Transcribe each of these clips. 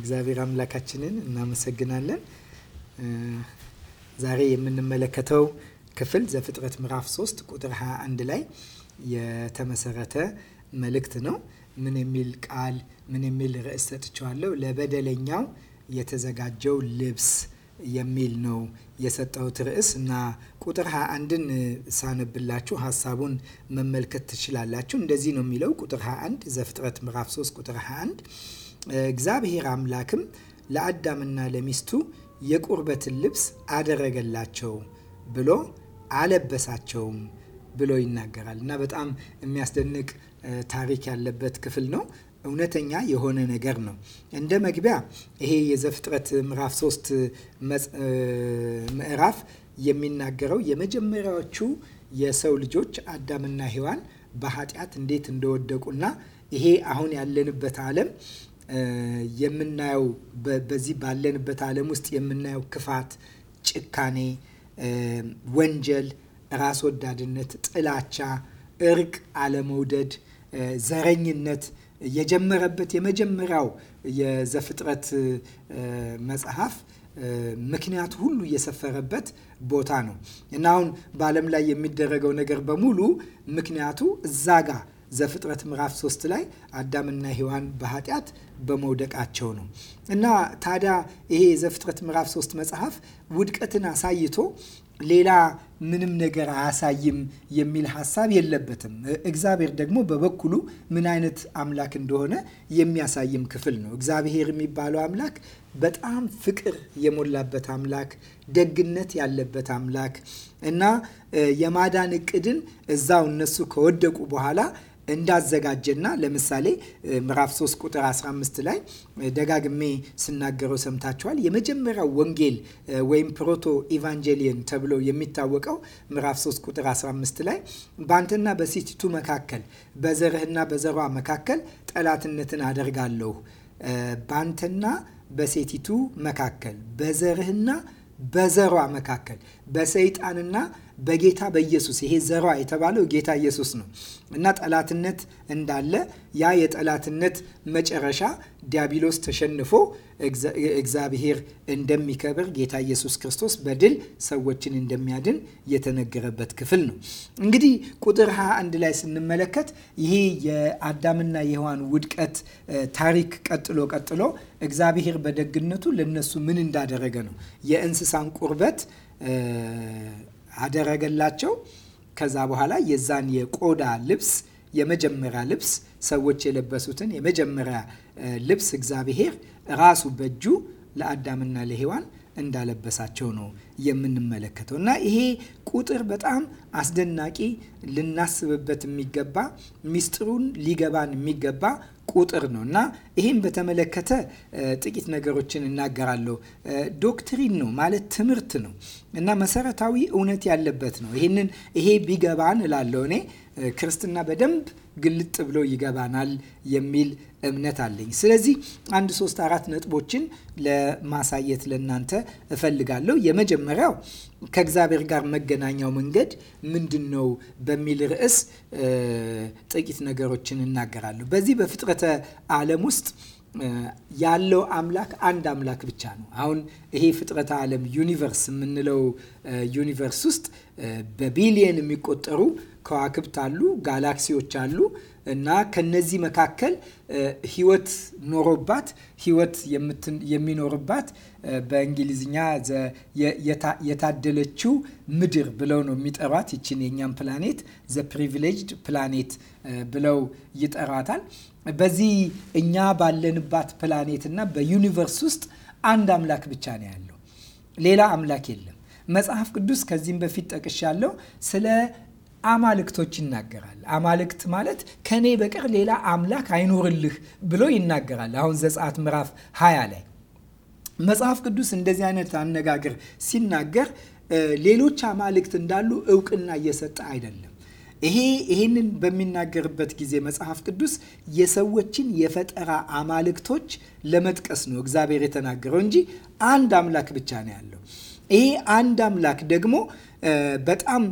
እግዚአብሔር አምላካችንን እናመሰግናለን። ዛሬ የምንመለከተው ክፍል ዘፍጥረት ምዕራፍ 3 ቁጥር 21 ላይ የተመሰረተ መልእክት ነው። ምን የሚል ቃል ምን የሚል ርዕስ ሰጥቼዋለሁ? ለበደለኛው የተዘጋጀው ልብስ የሚል ነው የሰጠሁት ርዕስ እና ቁጥር 21ን ሳነብላችሁ ሀሳቡን መመልከት ትችላላችሁ። እንደዚህ ነው የሚለው ቁጥር 21 ዘፍጥረት ምዕራፍ 3 ቁጥር 21 እግዚአብሔር አምላክም ለአዳምና ለሚስቱ የቁርበትን ልብስ አደረገላቸው ብሎ አለበሳቸውም ብሎ ይናገራል እና በጣም የሚያስደንቅ ታሪክ ያለበት ክፍል ነው። እውነተኛ የሆነ ነገር ነው። እንደ መግቢያ ይሄ የዘፍጥረት ምዕራፍ 3 ምዕራፍ የሚናገረው የመጀመሪያዎቹ የሰው ልጆች አዳምና ሔዋን በኃጢአት እንዴት እንደወደቁና ይሄ አሁን ያለንበት ዓለም የምናየው በዚህ ባለንበት ዓለም ውስጥ የምናየው ክፋት፣ ጭካኔ፣ ወንጀል፣ ራስ ወዳድነት፣ ጥላቻ፣ እርቅ አለመውደድ፣ ዘረኝነት የጀመረበት የመጀመሪያው የዘፍጥረት መጽሐፍ ምክንያት ሁሉ የሰፈረበት ቦታ ነው እና አሁን በዓለም ላይ የሚደረገው ነገር በሙሉ ምክንያቱ እዛ ጋር ዘፍጥረት ምዕራፍ ሶስት ላይ አዳምና ሔዋን በኃጢአት በመውደቃቸው ነው። እና ታዲያ ይሄ ዘፍጥረት ምዕራፍ ሶስት መጽሐፍ ውድቀትን አሳይቶ ሌላ ምንም ነገር አያሳይም የሚል ሀሳብ የለበትም። እግዚአብሔር ደግሞ በበኩሉ ምን አይነት አምላክ እንደሆነ የሚያሳይም ክፍል ነው። እግዚአብሔር የሚባለው አምላክ በጣም ፍቅር የሞላበት አምላክ፣ ደግነት ያለበት አምላክ እና የማዳን እቅድን እዛው እነሱ ከወደቁ በኋላ እንዳዘጋጀና ለምሳሌ ምዕራፍ 3 ቁጥር 15 ስድስት ላይ ደጋግሜ ስናገረው ሰምታችኋል። የመጀመሪያው ወንጌል ወይም ፕሮቶ ኢቫንጀሊየን ተብሎ የሚታወቀው ምዕራፍ 3 ቁጥር 15 ላይ በአንተና በሴቲቱ መካከል በዘርህና በዘሯ መካከል ጠላትነትን አደርጋለሁ በአንተና በሴቲቱ መካከል በዘርህና በዘሯ መካከል በሰይጣንና በጌታ በኢየሱስ ይሄ ዘሯ የተባለው ጌታ ኢየሱስ ነው እና ጠላትነት እንዳለ ያ የጠላትነት መጨረሻ ዲያብሎስ ተሸንፎ እግዚአብሔር እንደሚከብር ጌታ ኢየሱስ ክርስቶስ በድል ሰዎችን እንደሚያድን የተነገረበት ክፍል ነው። እንግዲህ ቁጥር 21 ላይ ስንመለከት ይሄ የአዳምና የሔዋን ውድቀት ታሪክ ቀጥሎ ቀጥሎ እግዚአብሔር በደግነቱ ለነሱ ምን እንዳደረገ ነው የእንስሳን ቁርበት አደረገላቸው። ከዛ በኋላ የዛን የቆዳ ልብስ የመጀመሪያ ልብስ ሰዎች የለበሱትን የመጀመሪያ ልብስ እግዚአብሔር ራሱ በእጁ ለአዳምና ለሔዋን እንዳለበሳቸው ነው የምንመለከተው እና ይሄ ቁጥር በጣም አስደናቂ ልናስብበት የሚገባ ሚስጥሩን ሊገባን የሚገባ ቁጥር ነው እና ይህም በተመለከተ ጥቂት ነገሮችን እናገራለሁ። ዶክትሪን ነው ማለት ትምህርት ነው እና መሰረታዊ እውነት ያለበት ነው። ይህንን ይሄ ቢገባን እላለሁ እኔ ክርስትና በደንብ ግልጥ ብሎ ይገባናል የሚል እምነት አለኝ። ስለዚህ አንድ ሶስት አራት ነጥቦችን ለማሳየት ለእናንተ እፈልጋለሁ። የመጀመ የመጀመሪያው ከእግዚአብሔር ጋር መገናኛው መንገድ ምንድን ነው በሚል ርዕስ ጥቂት ነገሮችን እናገራለሁ። በዚህ በፍጥረተ ዓለም ውስጥ ያለው አምላክ አንድ አምላክ ብቻ ነው። አሁን ይሄ ፍጥረተ ዓለም ዩኒቨርስ የምንለው ዩኒቨርስ ውስጥ በቢሊየን የሚቆጠሩ ከዋክብት አሉ፣ ጋላክሲዎች አሉ፣ እና ከነዚህ መካከል ህይወት ኖሮባት ህይወት የሚኖርባት በእንግሊዝኛ የታደለችው ምድር ብለው ነው የሚጠሯት። ይችን የእኛም ፕላኔት ዘ ፕሪቪሌጅድ ፕላኔት ብለው ይጠሯታል። በዚህ እኛ ባለንባት ፕላኔት እና በዩኒቨርስ ውስጥ አንድ አምላክ ብቻ ነው ያለው፣ ሌላ አምላክ የለም። መጽሐፍ ቅዱስ ከዚህም በፊት ጠቅሻለሁ ስለ አማልክቶች ይናገራል። አማልክት ማለት ከኔ በቀር ሌላ አምላክ አይኖርልህ ብሎ ይናገራል። አሁን ዘጸአት ምዕራፍ 20 ላይ መጽሐፍ ቅዱስ እንደዚህ አይነት አነጋገር ሲናገር ሌሎች አማልክት እንዳሉ እውቅና እየሰጠ አይደለም። ይሄ ይህንን በሚናገርበት ጊዜ መጽሐፍ ቅዱስ የሰዎችን የፈጠራ አማልክቶች ለመጥቀስ ነው እግዚአብሔር የተናገረው እንጂ አንድ አምላክ ብቻ ነው ያለው። ይሄ አንድ አምላክ ደግሞ በጣም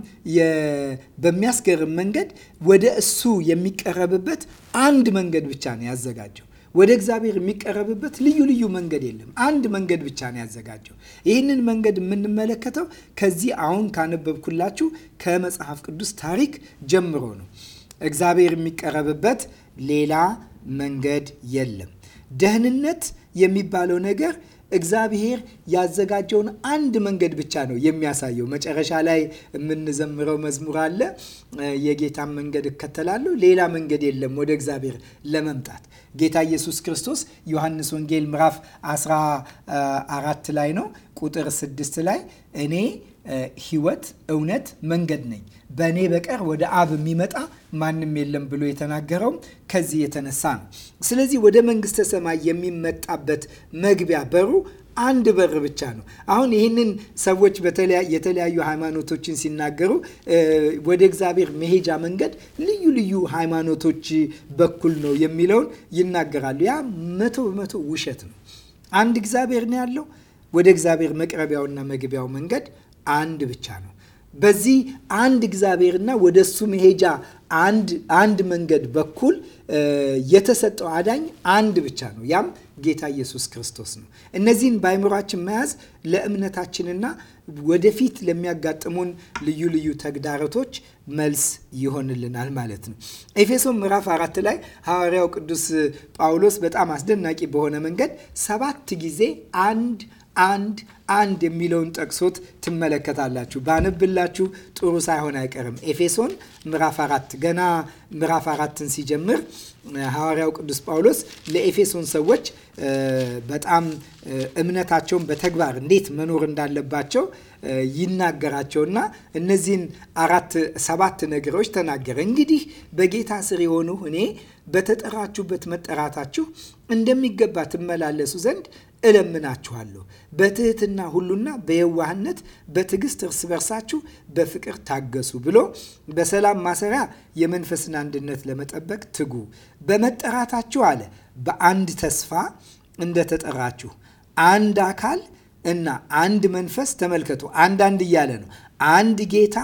በሚያስገርም መንገድ ወደ እሱ የሚቀረብበት አንድ መንገድ ብቻ ነው ያዘጋጀው። ወደ እግዚአብሔር የሚቀረብበት ልዩ ልዩ መንገድ የለም። አንድ መንገድ ብቻ ነው ያዘጋጀው። ይህንን መንገድ የምንመለከተው ከዚህ አሁን ካነበብኩላችሁ ከመጽሐፍ ቅዱስ ታሪክ ጀምሮ ነው። እግዚአብሔር የሚቀረብበት ሌላ መንገድ የለም። ደህንነት የሚባለው ነገር እግዚአብሔር ያዘጋጀውን አንድ መንገድ ብቻ ነው የሚያሳየው። መጨረሻ ላይ የምንዘምረው መዝሙር አለ። የጌታን መንገድ እከተላለሁ፣ ሌላ መንገድ የለም ወደ እግዚአብሔር ለመምጣት። ጌታ ኢየሱስ ክርስቶስ ዮሐንስ ወንጌል ምዕራፍ 14 ላይ ነው ቁጥር 6 ላይ እኔ ህይወት እውነት፣ መንገድ ነኝ በእኔ በቀር ወደ አብ የሚመጣ ማንም የለም ብሎ የተናገረውም ከዚህ የተነሳ ነው። ስለዚህ ወደ መንግስተ ሰማይ የሚመጣበት መግቢያ በሩ አንድ በር ብቻ ነው። አሁን ይህንን ሰዎች የተለያዩ ሃይማኖቶችን ሲናገሩ ወደ እግዚአብሔር መሄጃ መንገድ ልዩ ልዩ ሃይማኖቶች በኩል ነው የሚለውን ይናገራሉ። ያ መቶ በመቶ ውሸት ነው። አንድ እግዚአብሔር ነው ያለው። ወደ እግዚአብሔር መቅረቢያውና መግቢያው መንገድ አንድ ብቻ ነው። በዚህ አንድ እግዚአብሔርና ወደ እሱ መሄጃ አንድ መንገድ በኩል የተሰጠው አዳኝ አንድ ብቻ ነው። ያም ጌታ ኢየሱስ ክርስቶስ ነው። እነዚህን በአይምሯችን መያዝ ለእምነታችንና ወደፊት ለሚያጋጥሙን ልዩ ልዩ ተግዳሮቶች መልስ ይሆንልናል ማለት ነው። ኤፌሶን ምዕራፍ አራት ላይ ሐዋርያው ቅዱስ ጳውሎስ በጣም አስደናቂ በሆነ መንገድ ሰባት ጊዜ አንድ አንድ አንድ የሚለውን ጠቅሶት ትመለከታላችሁ። ባነብላችሁ ጥሩ ሳይሆን አይቀርም። ኤፌሶን ምዕራፍ አራት ገና ምዕራፍ አራትን ሲጀምር ሐዋርያው ቅዱስ ጳውሎስ ለኤፌሶን ሰዎች በጣም እምነታቸውን በተግባር እንዴት መኖር እንዳለባቸው ይናገራቸውና እነዚህን አራት ሰባት ነገሮች ተናገረ። እንግዲህ በጌታ ስር የሆኑ እኔ በተጠራችሁበት መጠራታችሁ እንደሚገባ ትመላለሱ ዘንድ እለምናችኋለሁ በትህትና ሁሉና በየዋህነት በትዕግስት እርስ በርሳችሁ በፍቅር ታገሱ ብሎ በሰላም ማሰሪያ የመንፈስን አንድነት ለመጠበቅ ትጉ። በመጠራታችሁ አለ በአንድ ተስፋ እንደተጠራችሁ አንድ አካል እና አንድ መንፈስ ተመልከቱ። አንዳንድ እያለ ነው። አንድ ጌታ፣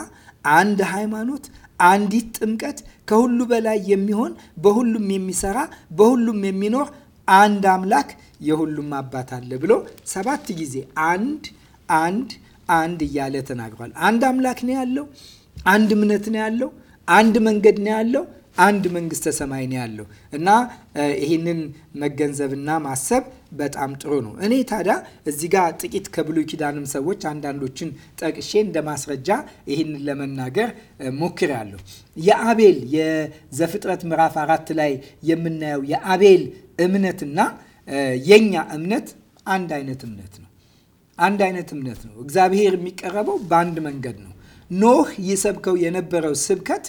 አንድ ሃይማኖት አንዲት ጥምቀት ከሁሉ በላይ የሚሆን በሁሉም የሚሰራ በሁሉም የሚኖር አንድ አምላክ የሁሉም አባት አለ ብሎ ሰባት ጊዜ አንድ አንድ አንድ እያለ ተናግሯል። አንድ አምላክ ነው ያለው፣ አንድ እምነት ነው ያለው፣ አንድ መንገድ ነው ያለው፣ አንድ መንግስተ ሰማይ ነው ያለው እና ይህንን መገንዘብና ማሰብ በጣም ጥሩ ነው። እኔ ታዲያ እዚህ ጋር ጥቂት ከብሉይ ኪዳንም ሰዎች አንዳንዶችን ጠቅሼ እንደ ማስረጃ ይህንን ለመናገር ሞክሬያለሁ። የአቤል የዘፍጥረት ምዕራፍ አራት ላይ የምናየው የአቤል እምነትና የኛ እምነት አንድ አይነት እምነት ነው። አንድ አይነት እምነት ነው። እግዚአብሔር የሚቀረበው በአንድ መንገድ ነው። ኖህ ይሰብከው የነበረው ስብከት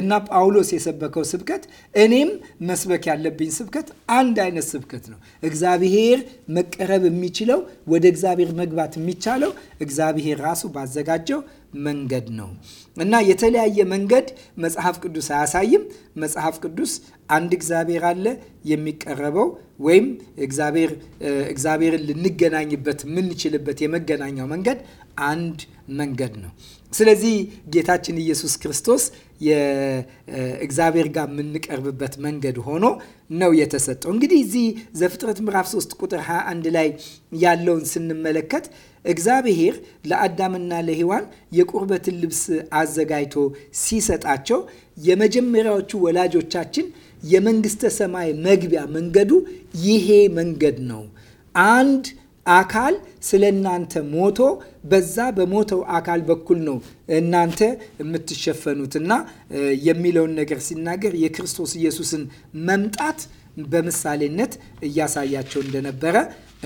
እና ጳውሎስ የሰበከው ስብከት እኔም መስበክ ያለብኝ ስብከት አንድ አይነት ስብከት ነው። እግዚአብሔር መቀረብ የሚችለው ወደ እግዚአብሔር መግባት የሚቻለው እግዚአብሔር ራሱ ባዘጋጀው መንገድ ነው እና የተለያየ መንገድ መጽሐፍ ቅዱስ አያሳይም። መጽሐፍ ቅዱስ አንድ እግዚአብሔር አለ የሚቀረበው ወይም እግዚአብሔርን ልንገናኝበት የምንችልበት የመገናኛው መንገድ አንድ መንገድ ነው ስለዚህ ጌታችን ኢየሱስ ክርስቶስ የእግዚአብሔር ጋር የምንቀርብበት መንገድ ሆኖ ነው የተሰጠው። እንግዲህ እዚህ ዘፍጥረት ምዕራፍ 3 ቁጥር 21 ላይ ያለውን ስንመለከት እግዚአብሔር ለአዳምና ለሔዋን የቁርበትን ልብስ አዘጋጅቶ ሲሰጣቸው የመጀመሪያዎቹ ወላጆቻችን የመንግስተ ሰማይ መግቢያ መንገዱ ይሄ መንገድ ነው አንድ አካል ስለ እናንተ ሞቶ በዛ በሞተው አካል በኩል ነው እናንተ የምትሸፈኑትና የሚለውን ነገር ሲናገር የክርስቶስ ኢየሱስን መምጣት በምሳሌነት እያሳያቸው እንደነበረ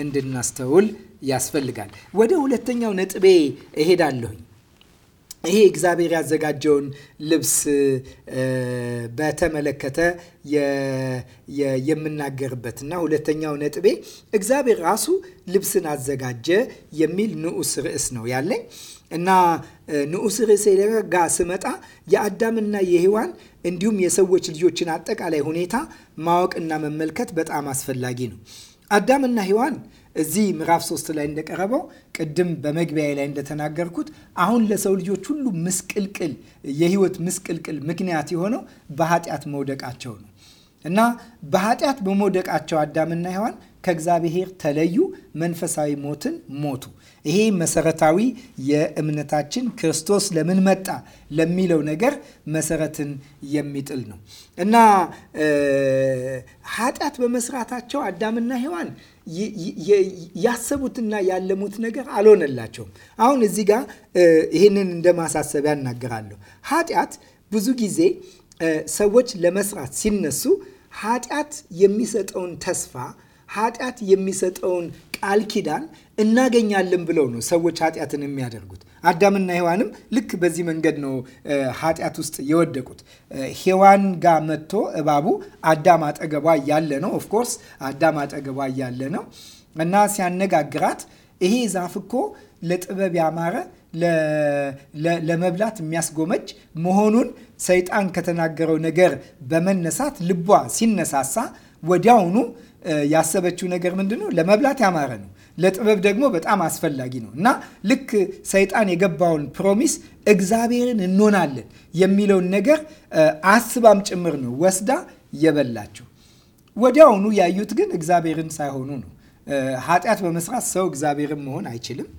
እንድናስተውል ያስፈልጋል። ወደ ሁለተኛው ነጥቤ እሄዳለሁኝ። ይሄ እግዚአብሔር ያዘጋጀውን ልብስ በተመለከተ የምናገርበት እና ሁለተኛው ነጥቤ እግዚአብሔር ራሱ ልብስን አዘጋጀ የሚል ንዑስ ርዕስ ነው ያለኝ እና ንዑስ ርዕስ ጋ ስመጣ የአዳምና የሔዋን እንዲሁም የሰዎች ልጆችን አጠቃላይ ሁኔታ ማወቅና መመልከት በጣም አስፈላጊ ነው። አዳምና ሔዋን እዚህ ምዕራፍ ሶስት ላይ እንደቀረበው ቅድም በመግቢያ ላይ እንደተናገርኩት አሁን ለሰው ልጆች ሁሉ ምስቅልቅል የህይወት ምስቅልቅል ምክንያት የሆነው በኃጢአት መውደቃቸው ነው እና በኃጢአት በመውደቃቸው አዳምና ሔዋን ከእግዚአብሔር ተለዩ፣ መንፈሳዊ ሞትን ሞቱ። ይሄ መሰረታዊ የእምነታችን ክርስቶስ ለምን መጣ ለሚለው ነገር መሰረትን የሚጥል ነው እና ኃጢአት በመስራታቸው አዳምና ሔዋን ያሰቡትና ያለሙት ነገር አልሆነላቸውም። አሁን እዚህ ጋር ይህንን እንደ ማሳሰቢያ እናገራለሁ። ኃጢአት ብዙ ጊዜ ሰዎች ለመስራት ሲነሱ ኃጢአት የሚሰጠውን ተስፋ ኃጢአት የሚሰጠውን ቃል ኪዳን እናገኛለን ብለው ነው ሰዎች ኃጢአትን የሚያደርጉት። አዳምና ሔዋንም ልክ በዚህ መንገድ ነው ኃጢአት ውስጥ የወደቁት። ሔዋን ጋር መጥቶ እባቡ አዳም አጠገቧ ያለ ነው። ኦፍኮርስ አዳም አጠገቧ ያለ ነው እና ሲያነጋግራት ይሄ ዛፍ እኮ ለጥበብ ያማረ ለመብላት የሚያስጎመጅ መሆኑን ሰይጣን ከተናገረው ነገር በመነሳት ልቧ ሲነሳሳ ወዲያውኑ ያሰበችው ነገር ምንድን ነው? ለመብላት ያማረ ነው፣ ለጥበብ ደግሞ በጣም አስፈላጊ ነው እና ልክ ሰይጣን የገባውን ፕሮሚስ እግዚአብሔርን እንሆናለን የሚለውን ነገር አስባም ጭምር ነው ወስዳ የበላችው። ወዲያውኑ ያዩት ግን እግዚአብሔርን ሳይሆኑ ነው። ኃጢአት በመስራት ሰው እግዚአብሔርን መሆን አይችልም።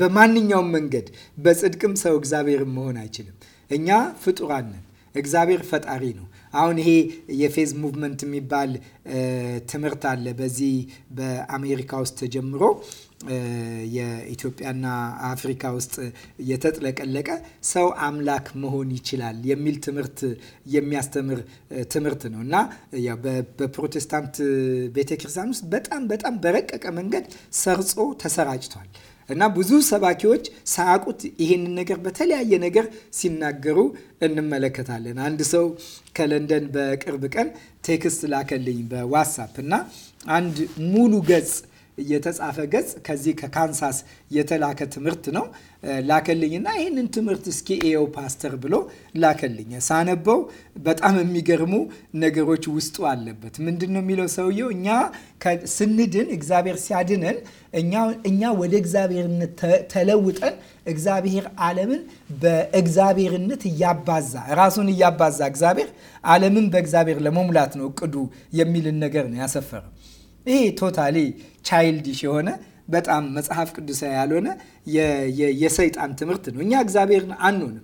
በማንኛውም መንገድ በጽድቅም ሰው እግዚአብሔርን መሆን አይችልም። እኛ ፍጡራን ነን፣ እግዚአብሔር ፈጣሪ ነው። አሁን ይሄ የፌዝ ሙቭመንት የሚባል ትምህርት አለ። በዚህ በአሜሪካ ውስጥ ተጀምሮ የኢትዮጵያና አፍሪካ ውስጥ የተጥለቀለቀ ሰው አምላክ መሆን ይችላል የሚል ትምህርት የሚያስተምር ትምህርት ነው እና በፕሮቴስታንት ቤተክርስቲያን ውስጥ በጣም በጣም በረቀቀ መንገድ ሰርጾ ተሰራጭቷል። እና ብዙ ሰባኪዎች ሳያውቁት ይህንን ነገር በተለያየ ነገር ሲናገሩ እንመለከታለን። አንድ ሰው ከለንደን በቅርብ ቀን ቴክስት ላከልኝ በዋትሳፕ እና አንድ ሙሉ ገጽ የተጻፈ ገጽ ከዚህ ከካንሳስ የተላከ ትምህርት ነው። ላከልኝና ይህንን ትምህርት እስኪ ኤው ፓስተር ብሎ ላከልኝ። ሳነበው በጣም የሚገርሙ ነገሮች ውስጡ አለበት። ምንድን ነው የሚለው ሰውየው? እኛ ስንድን እግዚአብሔር ሲያድነን እኛ ወደ እግዚአብሔርነት ተለውጠን እግዚአብሔር ዓለምን በእግዚአብሔርነት እያባዛ ራሱን እያባዛ እግዚአብሔር ዓለምን በእግዚአብሔር ለመሙላት ነው እቅዱ የሚልን ነገር ነው ያሰፈረው ይሄ ቶታሊ ቻይልዲሽ የሆነ በጣም መጽሐፍ ቅዱሳዊ ያልሆነ የሰይጣን ትምህርት ነው። እኛ እግዚአብሔርን አንሆንም።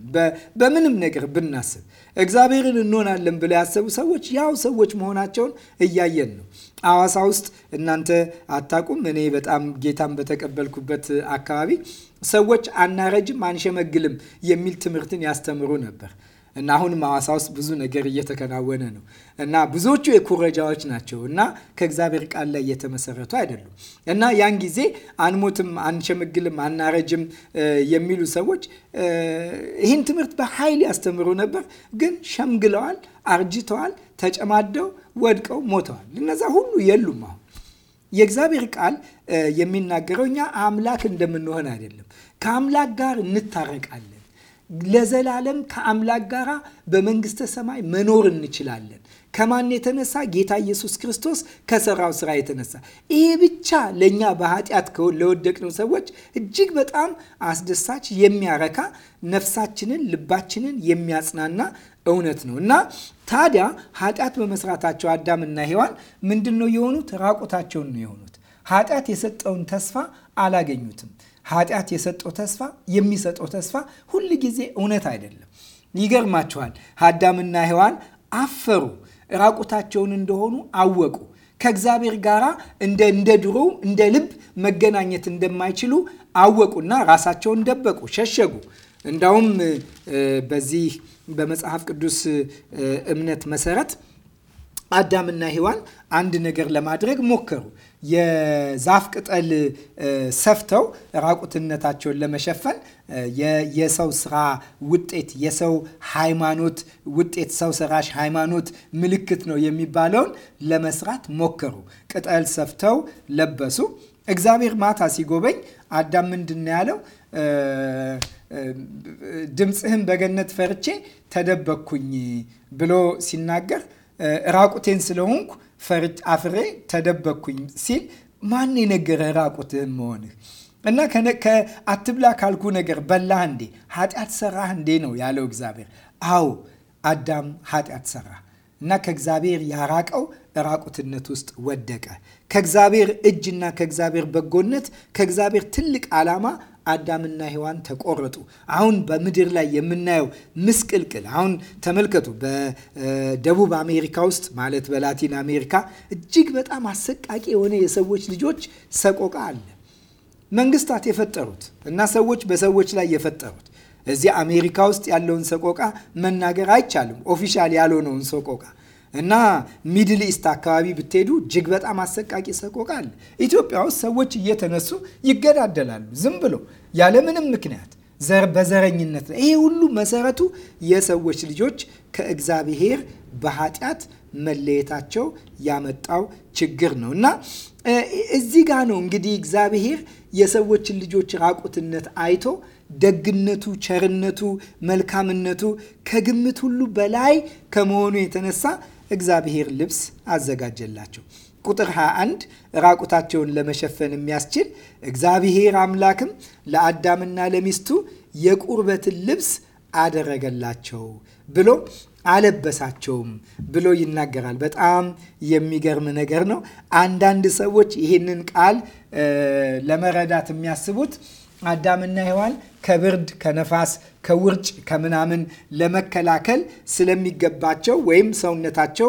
በምንም ነገር ብናስብ እግዚአብሔርን እንሆናለን ብለው ያሰቡ ሰዎች ያው ሰዎች መሆናቸውን እያየን ነው። አዋሳ ውስጥ እናንተ አታቁም እኔ በጣም ጌታን በተቀበልኩበት አካባቢ ሰዎች አናረጅም፣ አንሸመግልም የሚል ትምህርትን ያስተምሩ ነበር። እና አሁንም ሐዋሳ ውስጥ ብዙ ነገር እየተከናወነ ነው እና ብዙዎቹ የኩረጃዎች ናቸው እና ከእግዚአብሔር ቃል ላይ እየተመሰረቱ አይደሉም። እና ያን ጊዜ አንሞትም፣ አንሸምግልም፣ አናረጅም የሚሉ ሰዎች ይህን ትምህርት በኃይል ያስተምሩ ነበር። ግን ሸምግለዋል፣ አርጅተዋል፣ ተጨማደው ወድቀው ሞተዋል። እነዛ ሁሉ የሉም አሁን የእግዚአብሔር ቃል የሚናገረው እኛ አምላክ እንደምንሆን አይደለም። ከአምላክ ጋር እንታረቃለን። ለዘላለም ከአምላክ ጋራ በመንግስተ ሰማይ መኖር እንችላለን። ከማን የተነሳ? ጌታ ኢየሱስ ክርስቶስ ከሰራው ስራ የተነሳ። ይሄ ብቻ ለእኛ በኃጢአት ለወደቅነው ሰዎች እጅግ በጣም አስደሳች የሚያረካ ነፍሳችንን፣ ልባችንን የሚያጽናና እውነት ነው እና ታዲያ ኃጢአት በመስራታቸው አዳምና ሔዋን ምንድን ነው የሆኑት? ራቁታቸውን ነው የሆኑት። ኃጢአት የሰጠውን ተስፋ አላገኙትም። ኃጢአት የሰጠው ተስፋ የሚሰጠው ተስፋ ሁል ጊዜ እውነት አይደለም። ይገርማችኋል። አዳምና ሔዋን አፈሩ፣ ራቁታቸውን እንደሆኑ አወቁ። ከእግዚአብሔር ጋር እንደ እንደ ድሮ እንደ ልብ መገናኘት እንደማይችሉ አወቁና ራሳቸውን ደበቁ፣ ሸሸጉ። እንዳውም በዚህ በመጽሐፍ ቅዱስ እምነት መሰረት አዳምና ሔዋን አንድ ነገር ለማድረግ ሞከሩ። የዛፍ ቅጠል ሰፍተው ራቁትነታቸውን ለመሸፈን የሰው ስራ ውጤት የሰው ሃይማኖት ውጤት ሰው ሰራሽ ሃይማኖት ምልክት ነው የሚባለውን ለመስራት ሞከሩ። ቅጠል ሰፍተው ለበሱ። እግዚአብሔር ማታ ሲጎበኝ አዳም ምንድን ያለው? ድምፅህን በገነት ፈርቼ ተደበቅኩኝ ብሎ ሲናገር ራቁቴን ስለሆንኩ ፈርጭ አፍሬ ተደበቅኩኝ ሲል ማን የነገረ ራቁትህን መሆንህ እና ከአትብላ ካልኩ ነገር በላህ እንዴ? ኃጢአት ሰራህ እንዴ ነው ያለው እግዚአብሔር። አዎ አዳም ኃጢአት ሰራ እና ከእግዚአብሔር ያራቀው ራቁትነት ውስጥ ወደቀ። ከእግዚአብሔር እጅና ከእግዚአብሔር በጎነት ከእግዚአብሔር ትልቅ ዓላማ አዳምና ሔዋን ተቆረጡ። አሁን በምድር ላይ የምናየው ምስቅልቅል አሁን ተመልከቱ። በደቡብ አሜሪካ ውስጥ ማለት በላቲን አሜሪካ እጅግ በጣም አሰቃቂ የሆነ የሰዎች ልጆች ሰቆቃ አለ። መንግስታት የፈጠሩት እና ሰዎች በሰዎች ላይ የፈጠሩት እዚህ አሜሪካ ውስጥ ያለውን ሰቆቃ መናገር አይቻልም። ኦፊሻል ያልሆነውን ሰቆቃ እና ሚድል ኢስት አካባቢ ብትሄዱ እጅግ በጣም አሰቃቂ ሰቆቃ አለ። ኢትዮጵያ ውስጥ ሰዎች እየተነሱ ይገዳደላሉ፣ ዝም ብሎ ያለምንም ምክንያት ዘር በዘረኝነት ነው። ይሄ ሁሉ መሰረቱ የሰዎች ልጆች ከእግዚአብሔር በኃጢአት መለየታቸው ያመጣው ችግር ነው እና እዚህ ጋ ነው እንግዲህ እግዚአብሔር የሰዎችን ልጆች ራቁትነት አይቶ ደግነቱ፣ ቸርነቱ፣ መልካምነቱ ከግምት ሁሉ በላይ ከመሆኑ የተነሳ እግዚአብሔር ልብስ አዘጋጀላቸው። ቁጥር 21 ራቁታቸውን ለመሸፈን የሚያስችል እግዚአብሔር አምላክም ለአዳምና ለሚስቱ የቁርበትን ልብስ አደረገላቸው ብሎ አለበሳቸውም ብሎ ይናገራል። በጣም የሚገርም ነገር ነው። አንዳንድ ሰዎች ይህንን ቃል ለመረዳት የሚያስቡት አዳምና ሔዋን ከብርድ፣ ከነፋስ፣ ከውርጭ፣ ከምናምን ለመከላከል ስለሚገባቸው ወይም ሰውነታቸው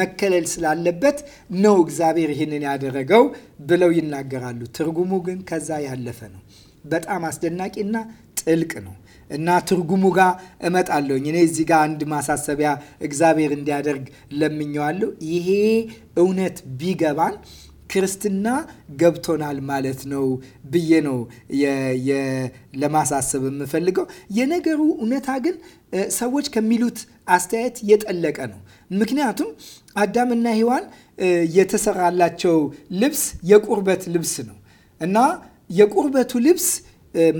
መከለል ስላለበት ነው እግዚአብሔር ይህንን ያደረገው ብለው ይናገራሉ። ትርጉሙ ግን ከዛ ያለፈ ነው። በጣም አስደናቂና ጥልቅ ነው እና ትርጉሙ ጋር እመጣለሁኝ። እኔ እዚህ ጋር አንድ ማሳሰቢያ እግዚአብሔር እንዲያደርግ ለምኘዋለሁ። ይሄ እውነት ቢገባን ክርስትና ገብቶናል ማለት ነው ብዬ ነው ለማሳሰብ የምፈልገው። የነገሩ እውነታ ግን ሰዎች ከሚሉት አስተያየት የጠለቀ ነው። ምክንያቱም አዳምና ሔዋን የተሰራላቸው ልብስ የቁርበት ልብስ ነው እና የቁርበቱ ልብስ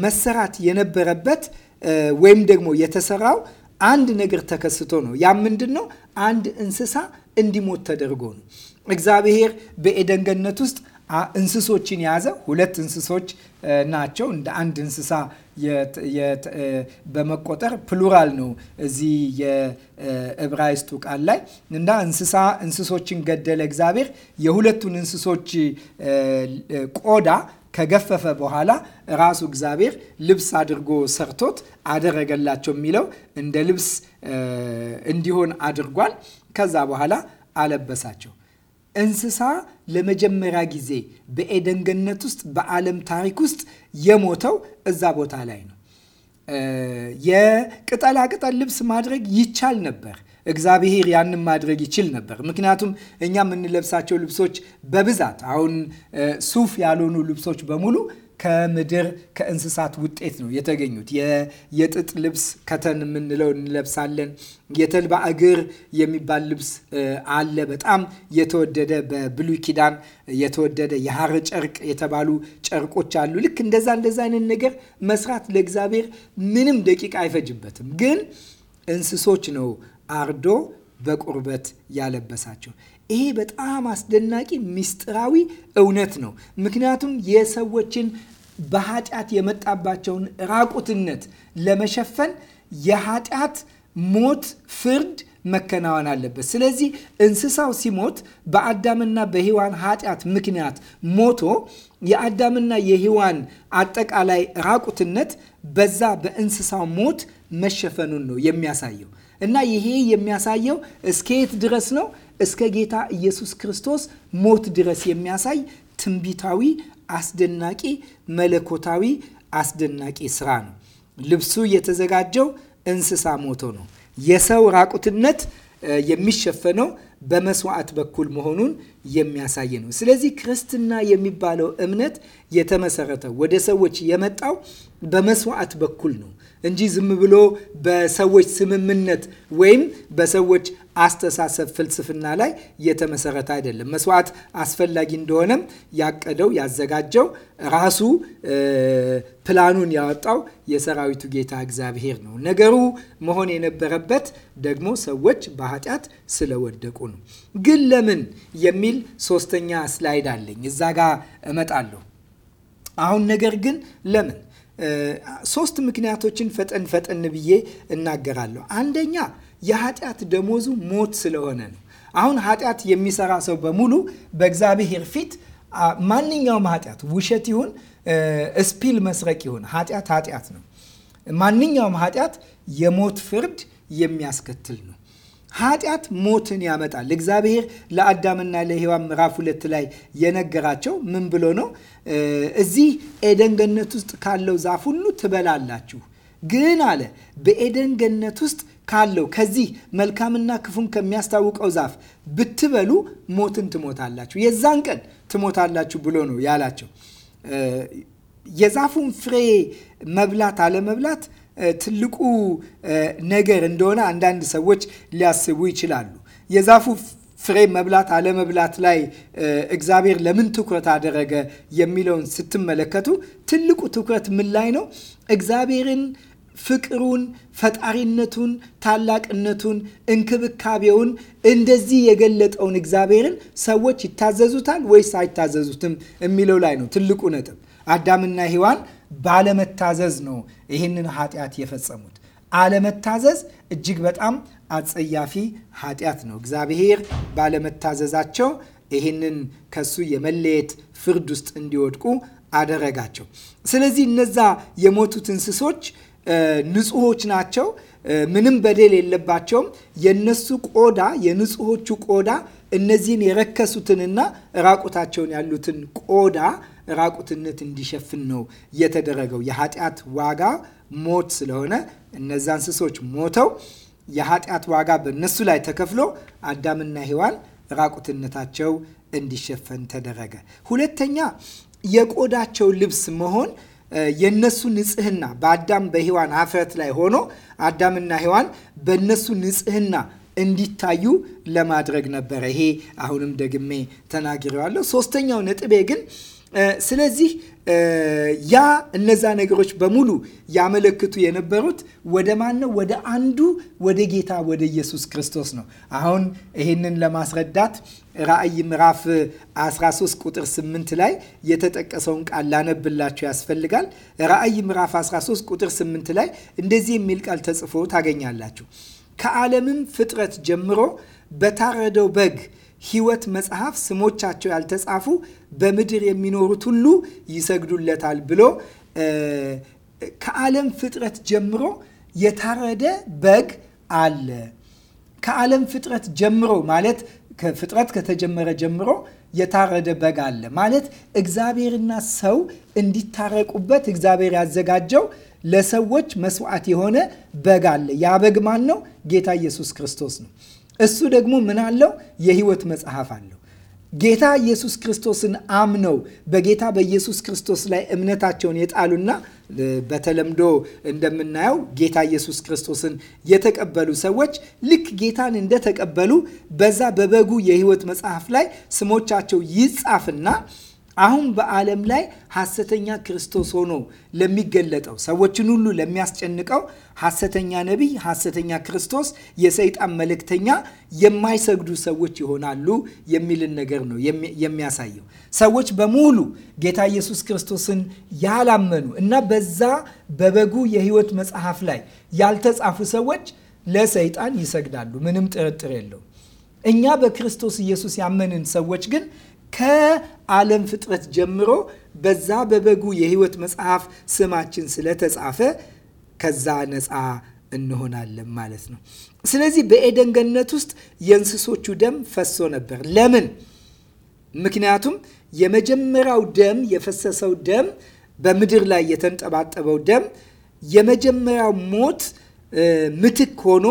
መሰራት የነበረበት ወይም ደግሞ የተሰራው አንድ ነገር ተከስቶ ነው። ያ ምንድን ነው? አንድ እንስሳ እንዲሞት ተደርጎ ነው። እግዚአብሔር በኤደን ገነት ውስጥ እንስሶችን የያዘ ሁለት እንስሶች ናቸው። እንደ አንድ እንስሳ በመቆጠር ፕሉራል ነው። እዚህ የዕብራይስጡ ቃል ላይ እና እንስሳ እንስሶችን ገደለ እግዚአብሔር የሁለቱን እንስሶች ቆዳ ከገፈፈ በኋላ ራሱ እግዚአብሔር ልብስ አድርጎ ሰርቶት አደረገላቸው የሚለው እንደ ልብስ እንዲሆን አድርጓል። ከዛ በኋላ አለበሳቸው። እንስሳ ለመጀመሪያ ጊዜ በኤደን ገነት ውስጥ በዓለም ታሪክ ውስጥ የሞተው እዛ ቦታ ላይ ነው። የቅጠላቅጠል ልብስ ማድረግ ይቻል ነበር። እግዚአብሔር ያንን ማድረግ ይችል ነበር። ምክንያቱም እኛ የምንለብሳቸው ልብሶች በብዛት አሁን ሱፍ ያልሆኑ ልብሶች በሙሉ ከምድር ከእንስሳት ውጤት ነው የተገኙት። የጥጥ ልብስ ከተን የምንለው እንለብሳለን። የተልባ እግር የሚባል ልብስ አለ። በጣም የተወደደ በብሉይ ኪዳን የተወደደ የሐር ጨርቅ የተባሉ ጨርቆች አሉ። ልክ እንደዛ እንደዛ አይነት ነገር መስራት ለእግዚአብሔር ምንም ደቂቃ አይፈጅበትም። ግን እንስሶች ነው አርዶ በቁርበት ያለበሳቸው። ይሄ በጣም አስደናቂ ምስጢራዊ እውነት ነው። ምክንያቱም የሰዎችን በኃጢአት የመጣባቸውን ራቁትነት ለመሸፈን የኃጢአት ሞት ፍርድ መከናወን አለበት። ስለዚህ እንስሳው ሲሞት በአዳምና በሔዋን ኃጢአት ምክንያት ሞቶ የአዳምና የሔዋን አጠቃላይ ራቁትነት በዛ በእንስሳው ሞት መሸፈኑን ነው የሚያሳየው እና ይሄ የሚያሳየው እስከየት ድረስ ነው? እስከ ጌታ ኢየሱስ ክርስቶስ ሞት ድረስ የሚያሳይ ትንቢታዊ አስደናቂ መለኮታዊ አስደናቂ ስራ ነው። ልብሱ የተዘጋጀው እንስሳ ሞቶ ነው። የሰው ራቁትነት የሚሸፈነው በመስዋዕት በኩል መሆኑን የሚያሳይ ነው። ስለዚህ ክርስትና የሚባለው እምነት የተመሰረተው ወደ ሰዎች የመጣው በመስዋዕት በኩል ነው እንጂ ዝም ብሎ በሰዎች ስምምነት ወይም በሰዎች አስተሳሰብ ፍልስፍና ላይ የተመሰረተ አይደለም። መስዋዕት አስፈላጊ እንደሆነም ያቀደው ያዘጋጀው ራሱ ፕላኑን ያወጣው የሰራዊቱ ጌታ እግዚአብሔር ነው። ነገሩ መሆን የነበረበት ደግሞ ሰዎች በኃጢአት ስለወደቁ ነው። ግን ለምን የሚል ሶስተኛ ስላይድ አለኝ፣ እዛ ጋ እመጣለሁ። አሁን ነገር ግን ለምን ሶስት ምክንያቶችን ፈጠን ፈጠን ብዬ እናገራለሁ። አንደኛ የኃጢአት ደሞዙ ሞት ስለሆነ ነው። አሁን ኃጢአት የሚሰራ ሰው በሙሉ በእግዚአብሔር ፊት ማንኛውም ኃጢአት ውሸት ይሁን እስፒል መስረቅ ይሁን ኃጢአት ኃጢአት ነው። ማንኛውም ኃጢአት የሞት ፍርድ የሚያስከትል ነው። ኃጢአት ሞትን ያመጣል። እግዚአብሔር ለአዳምና ለሔዋን ምዕራፍ ሁለት ላይ የነገራቸው ምን ብሎ ነው? እዚህ ኤደን ገነት ውስጥ ካለው ዛፍ ሁሉ ትበላላችሁ፣ ግን አለ በኤደን ገነት ውስጥ ካለው ከዚህ መልካምና ክፉን ከሚያስታውቀው ዛፍ ብትበሉ ሞትን ትሞታላችሁ፣ የዛን ቀን ትሞታላችሁ ብሎ ነው ያላቸው። የዛፉን ፍሬ መብላት አለመብላት ትልቁ ነገር እንደሆነ አንዳንድ ሰዎች ሊያስቡ ይችላሉ። የዛፉ ፍሬ መብላት አለመብላት ላይ እግዚአብሔር ለምን ትኩረት አደረገ የሚለውን ስትመለከቱ ትልቁ ትኩረት ምን ላይ ነው? እግዚአብሔርን ፍቅሩን፣ ፈጣሪነቱን፣ ታላቅነቱን፣ እንክብካቤውን እንደዚህ የገለጠውን እግዚአብሔርን ሰዎች ይታዘዙታል ወይስ አይታዘዙትም የሚለው ላይ ነው ትልቁ ነጥብ። አዳምና ሔዋን ባለመታዘዝ ነው ይህንን ኃጢአት የፈጸሙት። አለመታዘዝ እጅግ በጣም አጸያፊ ኃጢአት ነው። እግዚአብሔር ባለመታዘዛቸው ይህንን ከሱ የመለየት ፍርድ ውስጥ እንዲወድቁ አደረጋቸው። ስለዚህ እነዛ የሞቱት እንስሶች ንጹሆች ናቸው፣ ምንም በደል የለባቸውም። የነሱ ቆዳ የንጹሆቹ ቆዳ እነዚህን የረከሱትንና ራቁታቸውን ያሉትን ቆዳ ራቁትነት እንዲሸፍን ነው የተደረገው። የኃጢአት ዋጋ ሞት ስለሆነ እነዛ እንስሶች ሞተው የኃጢአት ዋጋ በእነሱ ላይ ተከፍሎ አዳምና ሔዋን ራቁትነታቸው እንዲሸፈን ተደረገ። ሁለተኛ የቆዳቸው ልብስ መሆን የነሱ ንጽህና በአዳም በሔዋን ኀፍረት ላይ ሆኖ አዳምና ሔዋን በነሱ ንጽህና እንዲታዩ ለማድረግ ነበረ። ይሄ አሁንም ደግሜ ተናግሬዋለሁ። ሶስተኛው ነጥቤ ግን ስለዚህ ያ እነዛ ነገሮች በሙሉ ያመለክቱ የነበሩት ወደ ማን ነው? ወደ አንዱ ወደ ጌታ ወደ ኢየሱስ ክርስቶስ ነው። አሁን ይህንን ለማስረዳት ራእይ ምዕራፍ 13 ቁጥር 8 ላይ የተጠቀሰውን ቃል ላነብላችሁ ያስፈልጋል። ራእይ ምዕራፍ 13 ቁጥር 8 ላይ እንደዚህ የሚል ቃል ተጽፎ ታገኛላችሁ። ከዓለምም ፍጥረት ጀምሮ በታረደው በግ ሕይወት መጽሐፍ ስሞቻቸው ያልተጻፉ በምድር የሚኖሩት ሁሉ ይሰግዱለታል ብሎ ከዓለም ፍጥረት ጀምሮ የታረደ በግ አለ። ከዓለም ፍጥረት ጀምሮ ማለት ከፍጥረት ከተጀመረ ጀምሮ የታረደ በግ አለ ማለት እግዚአብሔርና ሰው እንዲታረቁበት እግዚአብሔር ያዘጋጀው ለሰዎች መስዋዕት የሆነ በግ አለ። ያ በግ ማን ነው? ጌታ ኢየሱስ ክርስቶስ ነው። እሱ ደግሞ ምን አለው? የህይወት መጽሐፍ አለው። ጌታ ኢየሱስ ክርስቶስን አምነው በጌታ በኢየሱስ ክርስቶስ ላይ እምነታቸውን የጣሉና በተለምዶ እንደምናየው ጌታ ኢየሱስ ክርስቶስን የተቀበሉ ሰዎች ልክ ጌታን እንደተቀበሉ በዛ በበጉ የህይወት መጽሐፍ ላይ ስሞቻቸው ይጻፍና አሁን በዓለም ላይ ሐሰተኛ ክርስቶስ ሆኖ ለሚገለጠው ሰዎችን ሁሉ ለሚያስጨንቀው ሐሰተኛ ነቢይ፣ ሐሰተኛ ክርስቶስ፣ የሰይጣን መልእክተኛ የማይሰግዱ ሰዎች ይሆናሉ የሚልን ነገር ነው የሚያሳየው። ሰዎች በሙሉ ጌታ ኢየሱስ ክርስቶስን ያላመኑ እና በዛ በበጉ የሕይወት መጽሐፍ ላይ ያልተጻፉ ሰዎች ለሰይጣን ይሰግዳሉ። ምንም ጥርጥር የለው እኛ በክርስቶስ ኢየሱስ ያመንን ሰዎች ግን ከዓለም ፍጥረት ጀምሮ በዛ በበጉ የህይወት መጽሐፍ ስማችን ስለተጻፈ ከዛ ነፃ እንሆናለን ማለት ነው። ስለዚህ በኤደን ገነት ውስጥ የእንስሶቹ ደም ፈሶ ነበር። ለምን? ምክንያቱም የመጀመሪያው ደም የፈሰሰው ደም በምድር ላይ የተንጠባጠበው ደም የመጀመሪያው ሞት ምትክ ሆኖ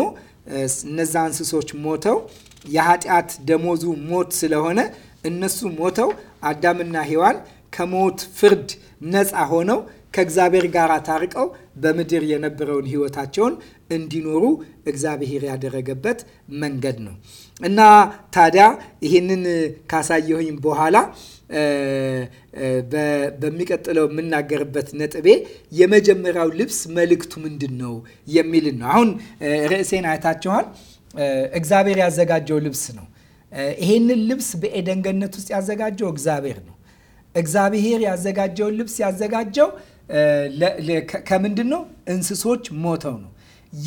እነዛ እንስሶች ሞተው የኃጢአት ደሞዙ ሞት ስለሆነ እነሱ ሞተው አዳምና ሔዋን ከሞት ፍርድ ነፃ ሆነው ከእግዚአብሔር ጋር ታርቀው በምድር የነበረውን ህይወታቸውን እንዲኖሩ እግዚአብሔር ያደረገበት መንገድ ነው እና ታዲያ ይህንን ካሳየሁኝ በኋላ በሚቀጥለው የምናገርበት ነጥቤ የመጀመሪያው ልብስ መልእክቱ ምንድን ነው የሚልን ነው። አሁን ርዕሴን አይታችኋል። እግዚአብሔር ያዘጋጀው ልብስ ነው ይሄንን ልብስ በኤደን ገነት ውስጥ ያዘጋጀው እግዚአብሔር ነው። እግዚአብሔር ያዘጋጀውን ልብስ ያዘጋጀው ከምንድን ነው? እንስሶች ሞተው ነው።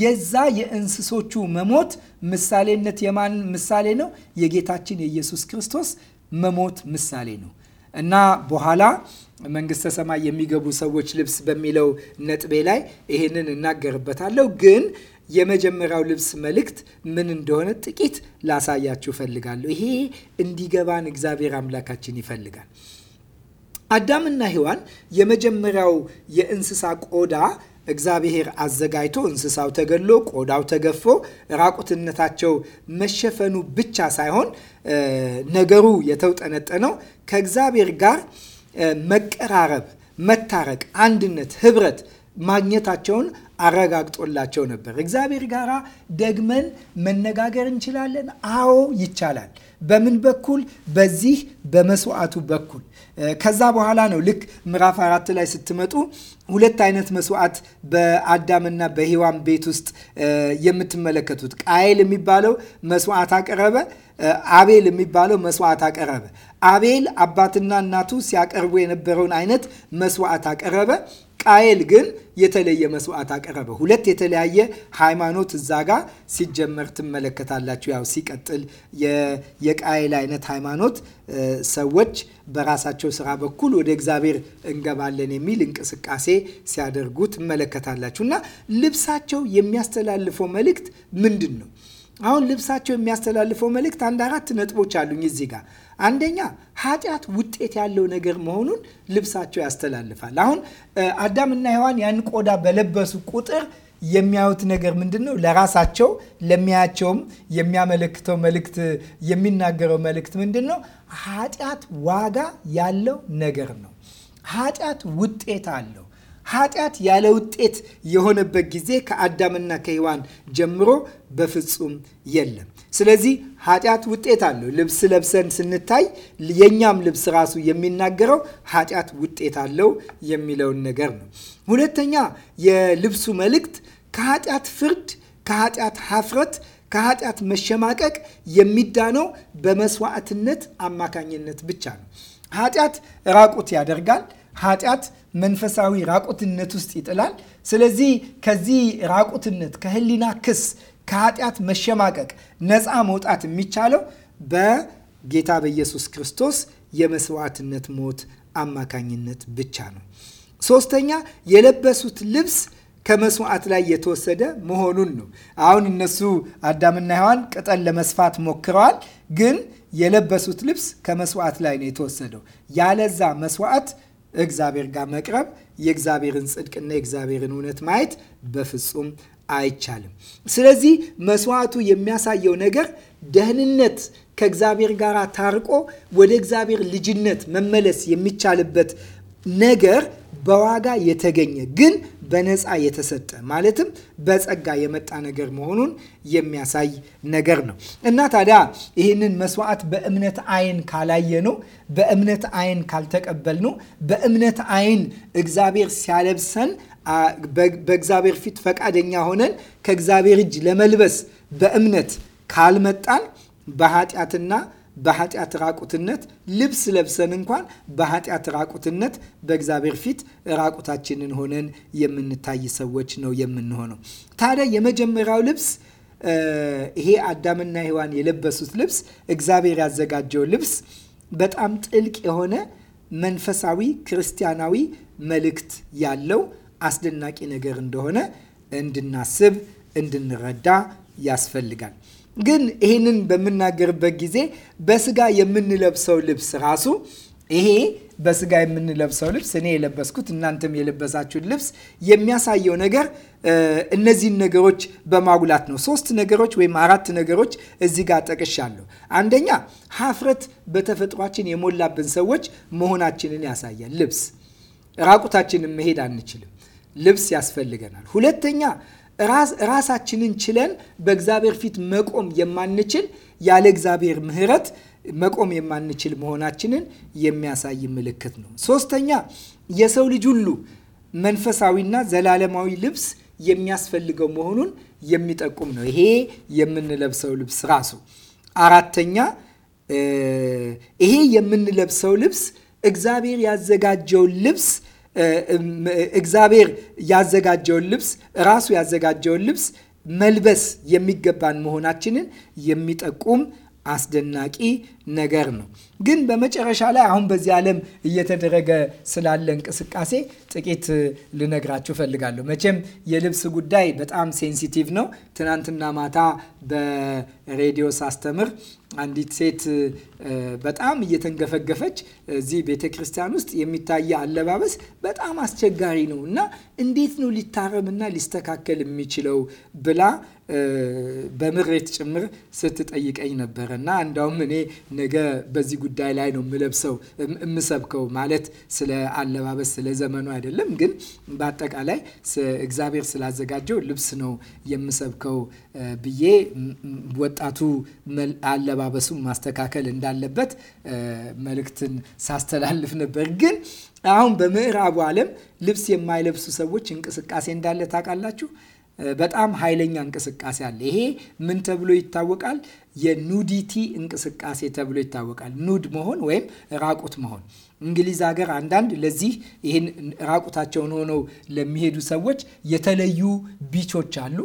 የዛ የእንስሶቹ መሞት ምሳሌነት የማን ምሳሌ ነው? የጌታችን የኢየሱስ ክርስቶስ መሞት ምሳሌ ነው እና በኋላ መንግስተ ሰማይ የሚገቡ ሰዎች ልብስ በሚለው ነጥቤ ላይ ይሄንን እናገርበታለሁ። ግን የመጀመሪያው ልብስ መልእክት ምን እንደሆነ ጥቂት ላሳያችሁ ፈልጋለሁ ይሄ እንዲገባን እግዚአብሔር አምላካችን ይፈልጋል። አዳምና ሔዋን የመጀመሪያው የእንስሳ ቆዳ እግዚአብሔር አዘጋጅቶ እንስሳው ተገሎ ቆዳው ተገፎ ራቁትነታቸው መሸፈኑ ብቻ ሳይሆን ነገሩ የተውጠነጠነው ከእግዚአብሔር ጋር መቀራረብ፣ መታረቅ፣ አንድነት፣ ህብረት ማግኘታቸውን አረጋግጦላቸው ነበር። እግዚአብሔር ጋር ደግመን መነጋገር እንችላለን። አዎ ይቻላል። በምን በኩል? በዚህ በመስዋዕቱ በኩል። ከዛ በኋላ ነው ልክ ምዕራፍ አራት ላይ ስትመጡ ሁለት አይነት መስዋዕት በአዳምና በሔዋን ቤት ውስጥ የምትመለከቱት ቃየል የሚባለው መስዋዕት አቀረበ፣ አቤል የሚባለው መስዋዕት አቀረበ። አቤል አባትና እናቱ ሲያቀርቡ የነበረውን አይነት መስዋዕት አቀረበ። ቃየል ግን የተለየ መስዋዕት አቀረበ። ሁለት የተለያየ ሃይማኖት እዛ ጋ ሲጀመር ትመለከታላችሁ። ያው ሲቀጥል የቃየል አይነት ሃይማኖት ሰዎች በራሳቸው ስራ በኩል ወደ እግዚአብሔር እንገባለን የሚል እንቅስቃሴ ሲያደርጉ ትመለከታላችሁ። እና ልብሳቸው የሚያስተላልፈው መልእክት ምንድን ነው? አሁን ልብሳቸው የሚያስተላልፈው መልእክት አንድ አራት ነጥቦች አሉኝ እዚህ ጋር አንደኛ ኃጢአት ውጤት ያለው ነገር መሆኑን ልብሳቸው ያስተላልፋል። አሁን አዳምና ሔዋን ያን ቆዳ በለበሱ ቁጥር የሚያዩት ነገር ምንድን ነው? ለራሳቸው ለሚያያቸውም የሚያመለክተው መልእክት የሚናገረው መልእክት ምንድን ነው? ኃጢአት ዋጋ ያለው ነገር ነው። ኃጢአት ውጤት አለው። ኃጢአት ያለ ውጤት የሆነበት ጊዜ ከአዳምና ከሔዋን ጀምሮ በፍጹም የለም። ስለዚህ ኃጢአት ውጤት አለው። ልብስ ለብሰን ስንታይ የእኛም ልብስ ራሱ የሚናገረው ኃጢአት ውጤት አለው የሚለውን ነገር ነው። ሁለተኛ የልብሱ መልእክት ከኃጢአት ፍርድ፣ ከኃጢአት ሀፍረት፣ ከኃጢአት መሸማቀቅ የሚዳነው በመስዋዕትነት አማካኝነት ብቻ ነው። ኃጢአት ራቁት ያደርጋል። ኃጢአት መንፈሳዊ ራቁትነት ውስጥ ይጥላል። ስለዚህ ከዚህ ራቁትነት፣ ከህሊና ክስ፣ ከኃጢአት መሸማቀቅ ነፃ መውጣት የሚቻለው በጌታ በኢየሱስ ክርስቶስ የመስዋዕትነት ሞት አማካኝነት ብቻ ነው። ሶስተኛ የለበሱት ልብስ ከመስዋዕት ላይ የተወሰደ መሆኑን ነው። አሁን እነሱ አዳምና ሔዋን ቅጠል ለመስፋት ሞክረዋል፣ ግን የለበሱት ልብስ ከመስዋዕት ላይ ነው የተወሰደው። ያለዛ መስዋዕት እግዚአብሔር ጋር መቅረብ የእግዚአብሔርን ጽድቅና የእግዚአብሔርን እውነት ማየት በፍጹም አይቻልም። ስለዚህ መስዋዕቱ የሚያሳየው ነገር ደህንነት ከእግዚአብሔር ጋር ታርቆ ወደ እግዚአብሔር ልጅነት መመለስ የሚቻልበት ነገር በዋጋ የተገኘ ግን በነፃ የተሰጠ ማለትም በጸጋ የመጣ ነገር መሆኑን የሚያሳይ ነገር ነው እና ታዲያ ይህንን መስዋዕት በእምነት አይን ካላየ ነው በእምነት አይን ካልተቀበል ነው በእምነት አይን እግዚአብሔር ሲያለብሰን በእግዚአብሔር ፊት ፈቃደኛ ሆነን ከእግዚአብሔር እጅ ለመልበስ በእምነት ካልመጣን በኃጢአትና በኃጢአት ራቁትነት ልብስ ለብሰን እንኳን በኃጢአት ራቁትነት በእግዚአብሔር ፊት ራቁታችንን ሆነን የምንታይ ሰዎች ነው የምንሆነው። ታዲያ የመጀመሪያው ልብስ ይሄ አዳምና ሔዋን የለበሱት ልብስ እግዚአብሔር ያዘጋጀው ልብስ በጣም ጥልቅ የሆነ መንፈሳዊ ክርስቲያናዊ መልእክት ያለው አስደናቂ ነገር እንደሆነ እንድናስብ እንድንረዳ ያስፈልጋል። ግን ይህንን በምናገርበት ጊዜ በስጋ የምንለብሰው ልብስ ራሱ ይሄ በስጋ የምንለብሰው ልብስ እኔ የለበስኩት እናንተም የለበሳችሁን ልብስ የሚያሳየው ነገር እነዚህን ነገሮች በማጉላት ነው። ሶስት ነገሮች ወይም አራት ነገሮች እዚህ ጋር ጠቅሻለሁ። አንደኛ ሀፍረት በተፈጥሯችን የሞላብን ሰዎች መሆናችንን ያሳያል። ልብስ ራቁታችንን መሄድ አንችልም። ልብስ ያስፈልገናል። ሁለተኛ ራሳችንን ችለን በእግዚአብሔር ፊት መቆም የማንችል ያለ እግዚአብሔር ምሕረት መቆም የማንችል መሆናችንን የሚያሳይ ምልክት ነው። ሶስተኛ የሰው ልጅ ሁሉ መንፈሳዊና ዘላለማዊ ልብስ የሚያስፈልገው መሆኑን የሚጠቁም ነው። ይሄ የምንለብሰው ልብስ ራሱ። አራተኛ ይሄ የምንለብሰው ልብስ እግዚአብሔር ያዘጋጀውን ልብስ እግዚአብሔር ያዘጋጀውን ልብስ ራሱ ያዘጋጀውን ልብስ መልበስ የሚገባን መሆናችንን የሚጠቁም አስደናቂ ነገር ነው። ግን በመጨረሻ ላይ አሁን በዚህ ዓለም እየተደረገ ስላለ እንቅስቃሴ ጥቂት ልነግራችሁ እፈልጋለሁ። መቼም የልብስ ጉዳይ በጣም ሴንሲቲቭ ነው። ትናንትና ማታ በሬዲዮ ሳስተምር አንዲት ሴት በጣም እየተንገፈገፈች እዚህ ቤተ ክርስቲያን ውስጥ የሚታየ አለባበስ በጣም አስቸጋሪ ነው እና እንዴት ነው ሊታረምና ሊስተካከል የሚችለው ብላ በምሬት ጭምር ስትጠይቀኝ ነበረ እና እንዳውም እኔ ነገ በዚህ ጉዳይ ላይ ነው የምለብሰው የምሰብከው ማለት ስለ አለባበስ ስለ ዘመኑ አይደለም፣ ግን በአጠቃላይ እግዚአብሔር ስላዘጋጀው ልብስ ነው የምሰብከው ብዬ ወጣቱ አለባበሱን ማስተካከል እንዳለበት መልእክትን ሳስተላልፍ ነበር ግን አሁን በምዕራቡ ዓለም ልብስ የማይለብሱ ሰዎች እንቅስቃሴ እንዳለ ታውቃላችሁ። በጣም ኃይለኛ እንቅስቃሴ አለ። ይሄ ምን ተብሎ ይታወቃል? የኑዲቲ እንቅስቃሴ ተብሎ ይታወቃል። ኑድ መሆን ወይም ራቁት መሆን። እንግሊዝ ሀገር አንዳንድ ለዚህ ይህን ራቁታቸውን ሆነው ለሚሄዱ ሰዎች የተለዩ ቢቾች አሉ።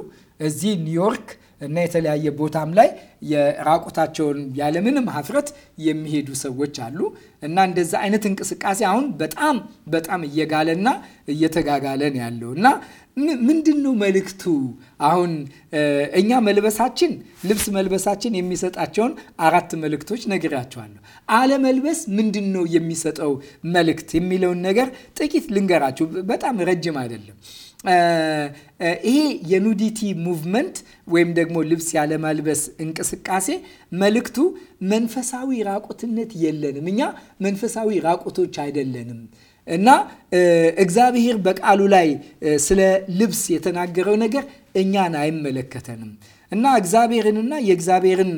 እዚህ ኒውዮርክ እና የተለያየ ቦታም ላይ የራቁታቸውን ያለምንም ሀፍረት የሚሄዱ ሰዎች አሉ እና እንደዛ አይነት እንቅስቃሴ አሁን በጣም በጣም እየጋለና እየተጋጋለ ነው ያለው እና ምንድን ነው መልእክቱ? አሁን እኛ መልበሳችን ልብስ መልበሳችን የሚሰጣቸውን አራት መልእክቶች ነግሬያቸዋለሁ። አለመልበስ ምንድን ነው የሚሰጠው መልእክት የሚለውን ነገር ጥቂት ልንገራችሁ። በጣም ረጅም አይደለም። ይሄ የኑዲቲ ሙቭመንት ወይም ደግሞ ልብስ ያለማልበስ እንቅስቃሴ መልእክቱ መንፈሳዊ ራቁትነት የለንም፣ እኛ መንፈሳዊ ራቁቶች አይደለንም እና እግዚአብሔር በቃሉ ላይ ስለ ልብስ የተናገረው ነገር እኛን አይመለከተንም እና እግዚአብሔርንና የእግዚአብሔርን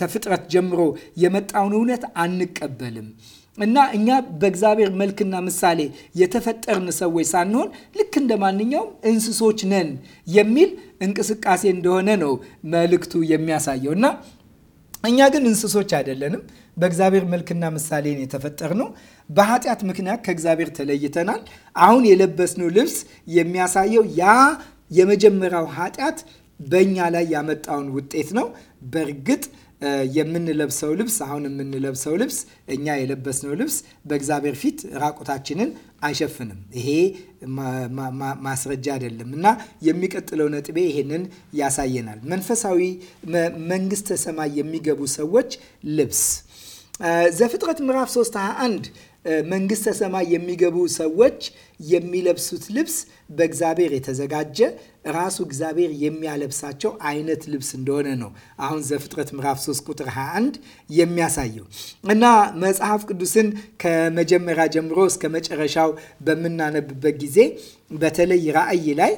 ከፍጥረት ጀምሮ የመጣውን እውነት አንቀበልም። እና እኛ በእግዚአብሔር መልክና ምሳሌ የተፈጠርን ሰዎች ሳንሆን ልክ እንደ ማንኛውም እንስሶች ነን የሚል እንቅስቃሴ እንደሆነ ነው መልእክቱ የሚያሳየው እና እኛ ግን እንስሶች አይደለንም። በእግዚአብሔር መልክና ምሳሌን የተፈጠርነው በኃጢአት ምክንያት ከእግዚአብሔር ተለይተናል። አሁን የለበስነው ልብስ የሚያሳየው ያ የመጀመሪያው ኃጢአት በእኛ ላይ ያመጣውን ውጤት ነው። በእርግጥ የምንለብሰው ልብስ አሁን የምንለብሰው ልብስ እኛ የለበስነው ልብስ በእግዚአብሔር ፊት ራቁታችንን አይሸፍንም። ይሄ ማስረጃ አይደለም እና የሚቀጥለው ነጥቤ ይሄንን ያሳየናል። መንፈሳዊ መንግስተ ሰማይ የሚገቡ ሰዎች ልብስ ዘፍጥረት ምዕራፍ 3 21 መንግስተ ሰማይ የሚገቡ ሰዎች የሚለብሱት ልብስ በእግዚአብሔር የተዘጋጀ ራሱ እግዚአብሔር የሚያለብሳቸው አይነት ልብስ እንደሆነ ነው አሁን ዘፍጥረት ምዕራፍ 3 ቁጥር 21 የሚያሳየው እና መጽሐፍ ቅዱስን ከመጀመሪያ ጀምሮ እስከ መጨረሻው በምናነብበት ጊዜ በተለይ ራእይ ላይ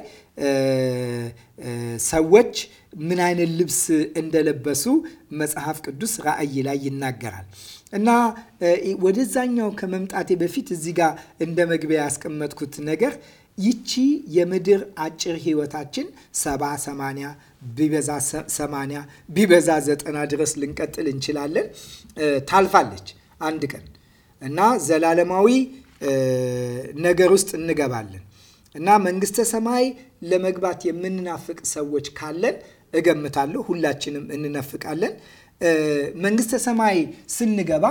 ሰዎች ምን አይነት ልብስ እንደለበሱ መጽሐፍ ቅዱስ ራእይ ላይ ይናገራል። እና ወደዛኛው ከመምጣቴ በፊት እዚህ ጋር እንደ መግቢያ ያስቀመጥኩት ነገር ይቺ የምድር አጭር ህይወታችን ሰባ ሰማንያ ቢበዛ ሰማንያ ቢበዛ ዘጠና ድረስ ልንቀጥል እንችላለን። ታልፋለች አንድ ቀን እና ዘላለማዊ ነገር ውስጥ እንገባለን እና መንግስተ ሰማይ ለመግባት የምንናፍቅ ሰዎች ካለን እገምታለሁ ሁላችንም እንነፍቃለን። መንግስተ ሰማይ ስንገባ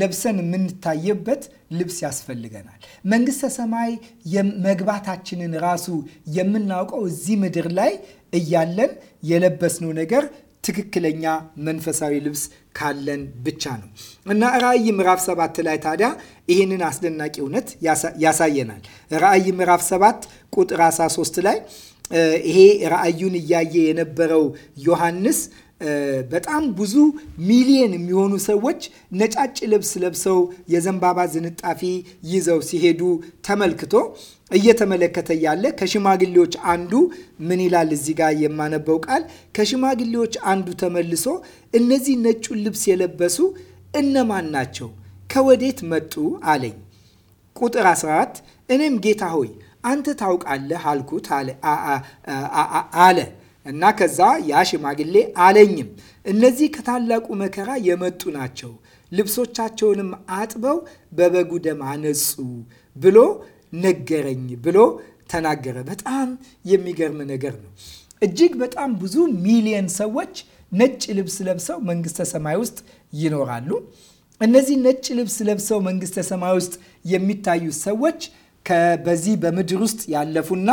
ለብሰን የምንታየበት ልብስ ያስፈልገናል። መንግስተ ሰማይ መግባታችንን ራሱ የምናውቀው እዚህ ምድር ላይ እያለን የለበስነው ነገር ትክክለኛ መንፈሳዊ ልብስ ካለን ብቻ ነው እና ራእይ ምዕራፍ ሰባት ላይ ታዲያ ይህንን አስደናቂ እውነት ያሳየናል። ራእይ ምዕራፍ ሰባት ቁጥር 13 ላይ ይሄ ራእዩን እያየ የነበረው ዮሐንስ በጣም ብዙ ሚሊየን የሚሆኑ ሰዎች ነጫጭ ልብስ ለብሰው የዘንባባ ዝንጣፊ ይዘው ሲሄዱ ተመልክቶ እየተመለከተ ያለ ከሽማግሌዎች አንዱ ምን ይላል? እዚህ ጋር የማነበው ቃል ከሽማግሌዎች አንዱ ተመልሶ እነዚህ ነጩን ልብስ የለበሱ እነማን ናቸው? ከወዴት መጡ? አለኝ። ቁጥር 14 እኔም ጌታ ሆይ አንተ ታውቃለህ አልኩት አለ እና ከዛ ያ ሽማግሌ አለኝም እነዚህ ከታላቁ መከራ የመጡ ናቸው፣ ልብሶቻቸውንም አጥበው በበጉ ደም አነጹ ብሎ ነገረኝ ብሎ ተናገረ። በጣም የሚገርም ነገር ነው። እጅግ በጣም ብዙ ሚሊየን ሰዎች ነጭ ልብስ ለብሰው መንግስተ ሰማይ ውስጥ ይኖራሉ። እነዚህ ነጭ ልብስ ለብሰው መንግስተ ሰማይ ውስጥ የሚታዩ ሰዎች በዚህ በምድር ውስጥ ያለፉና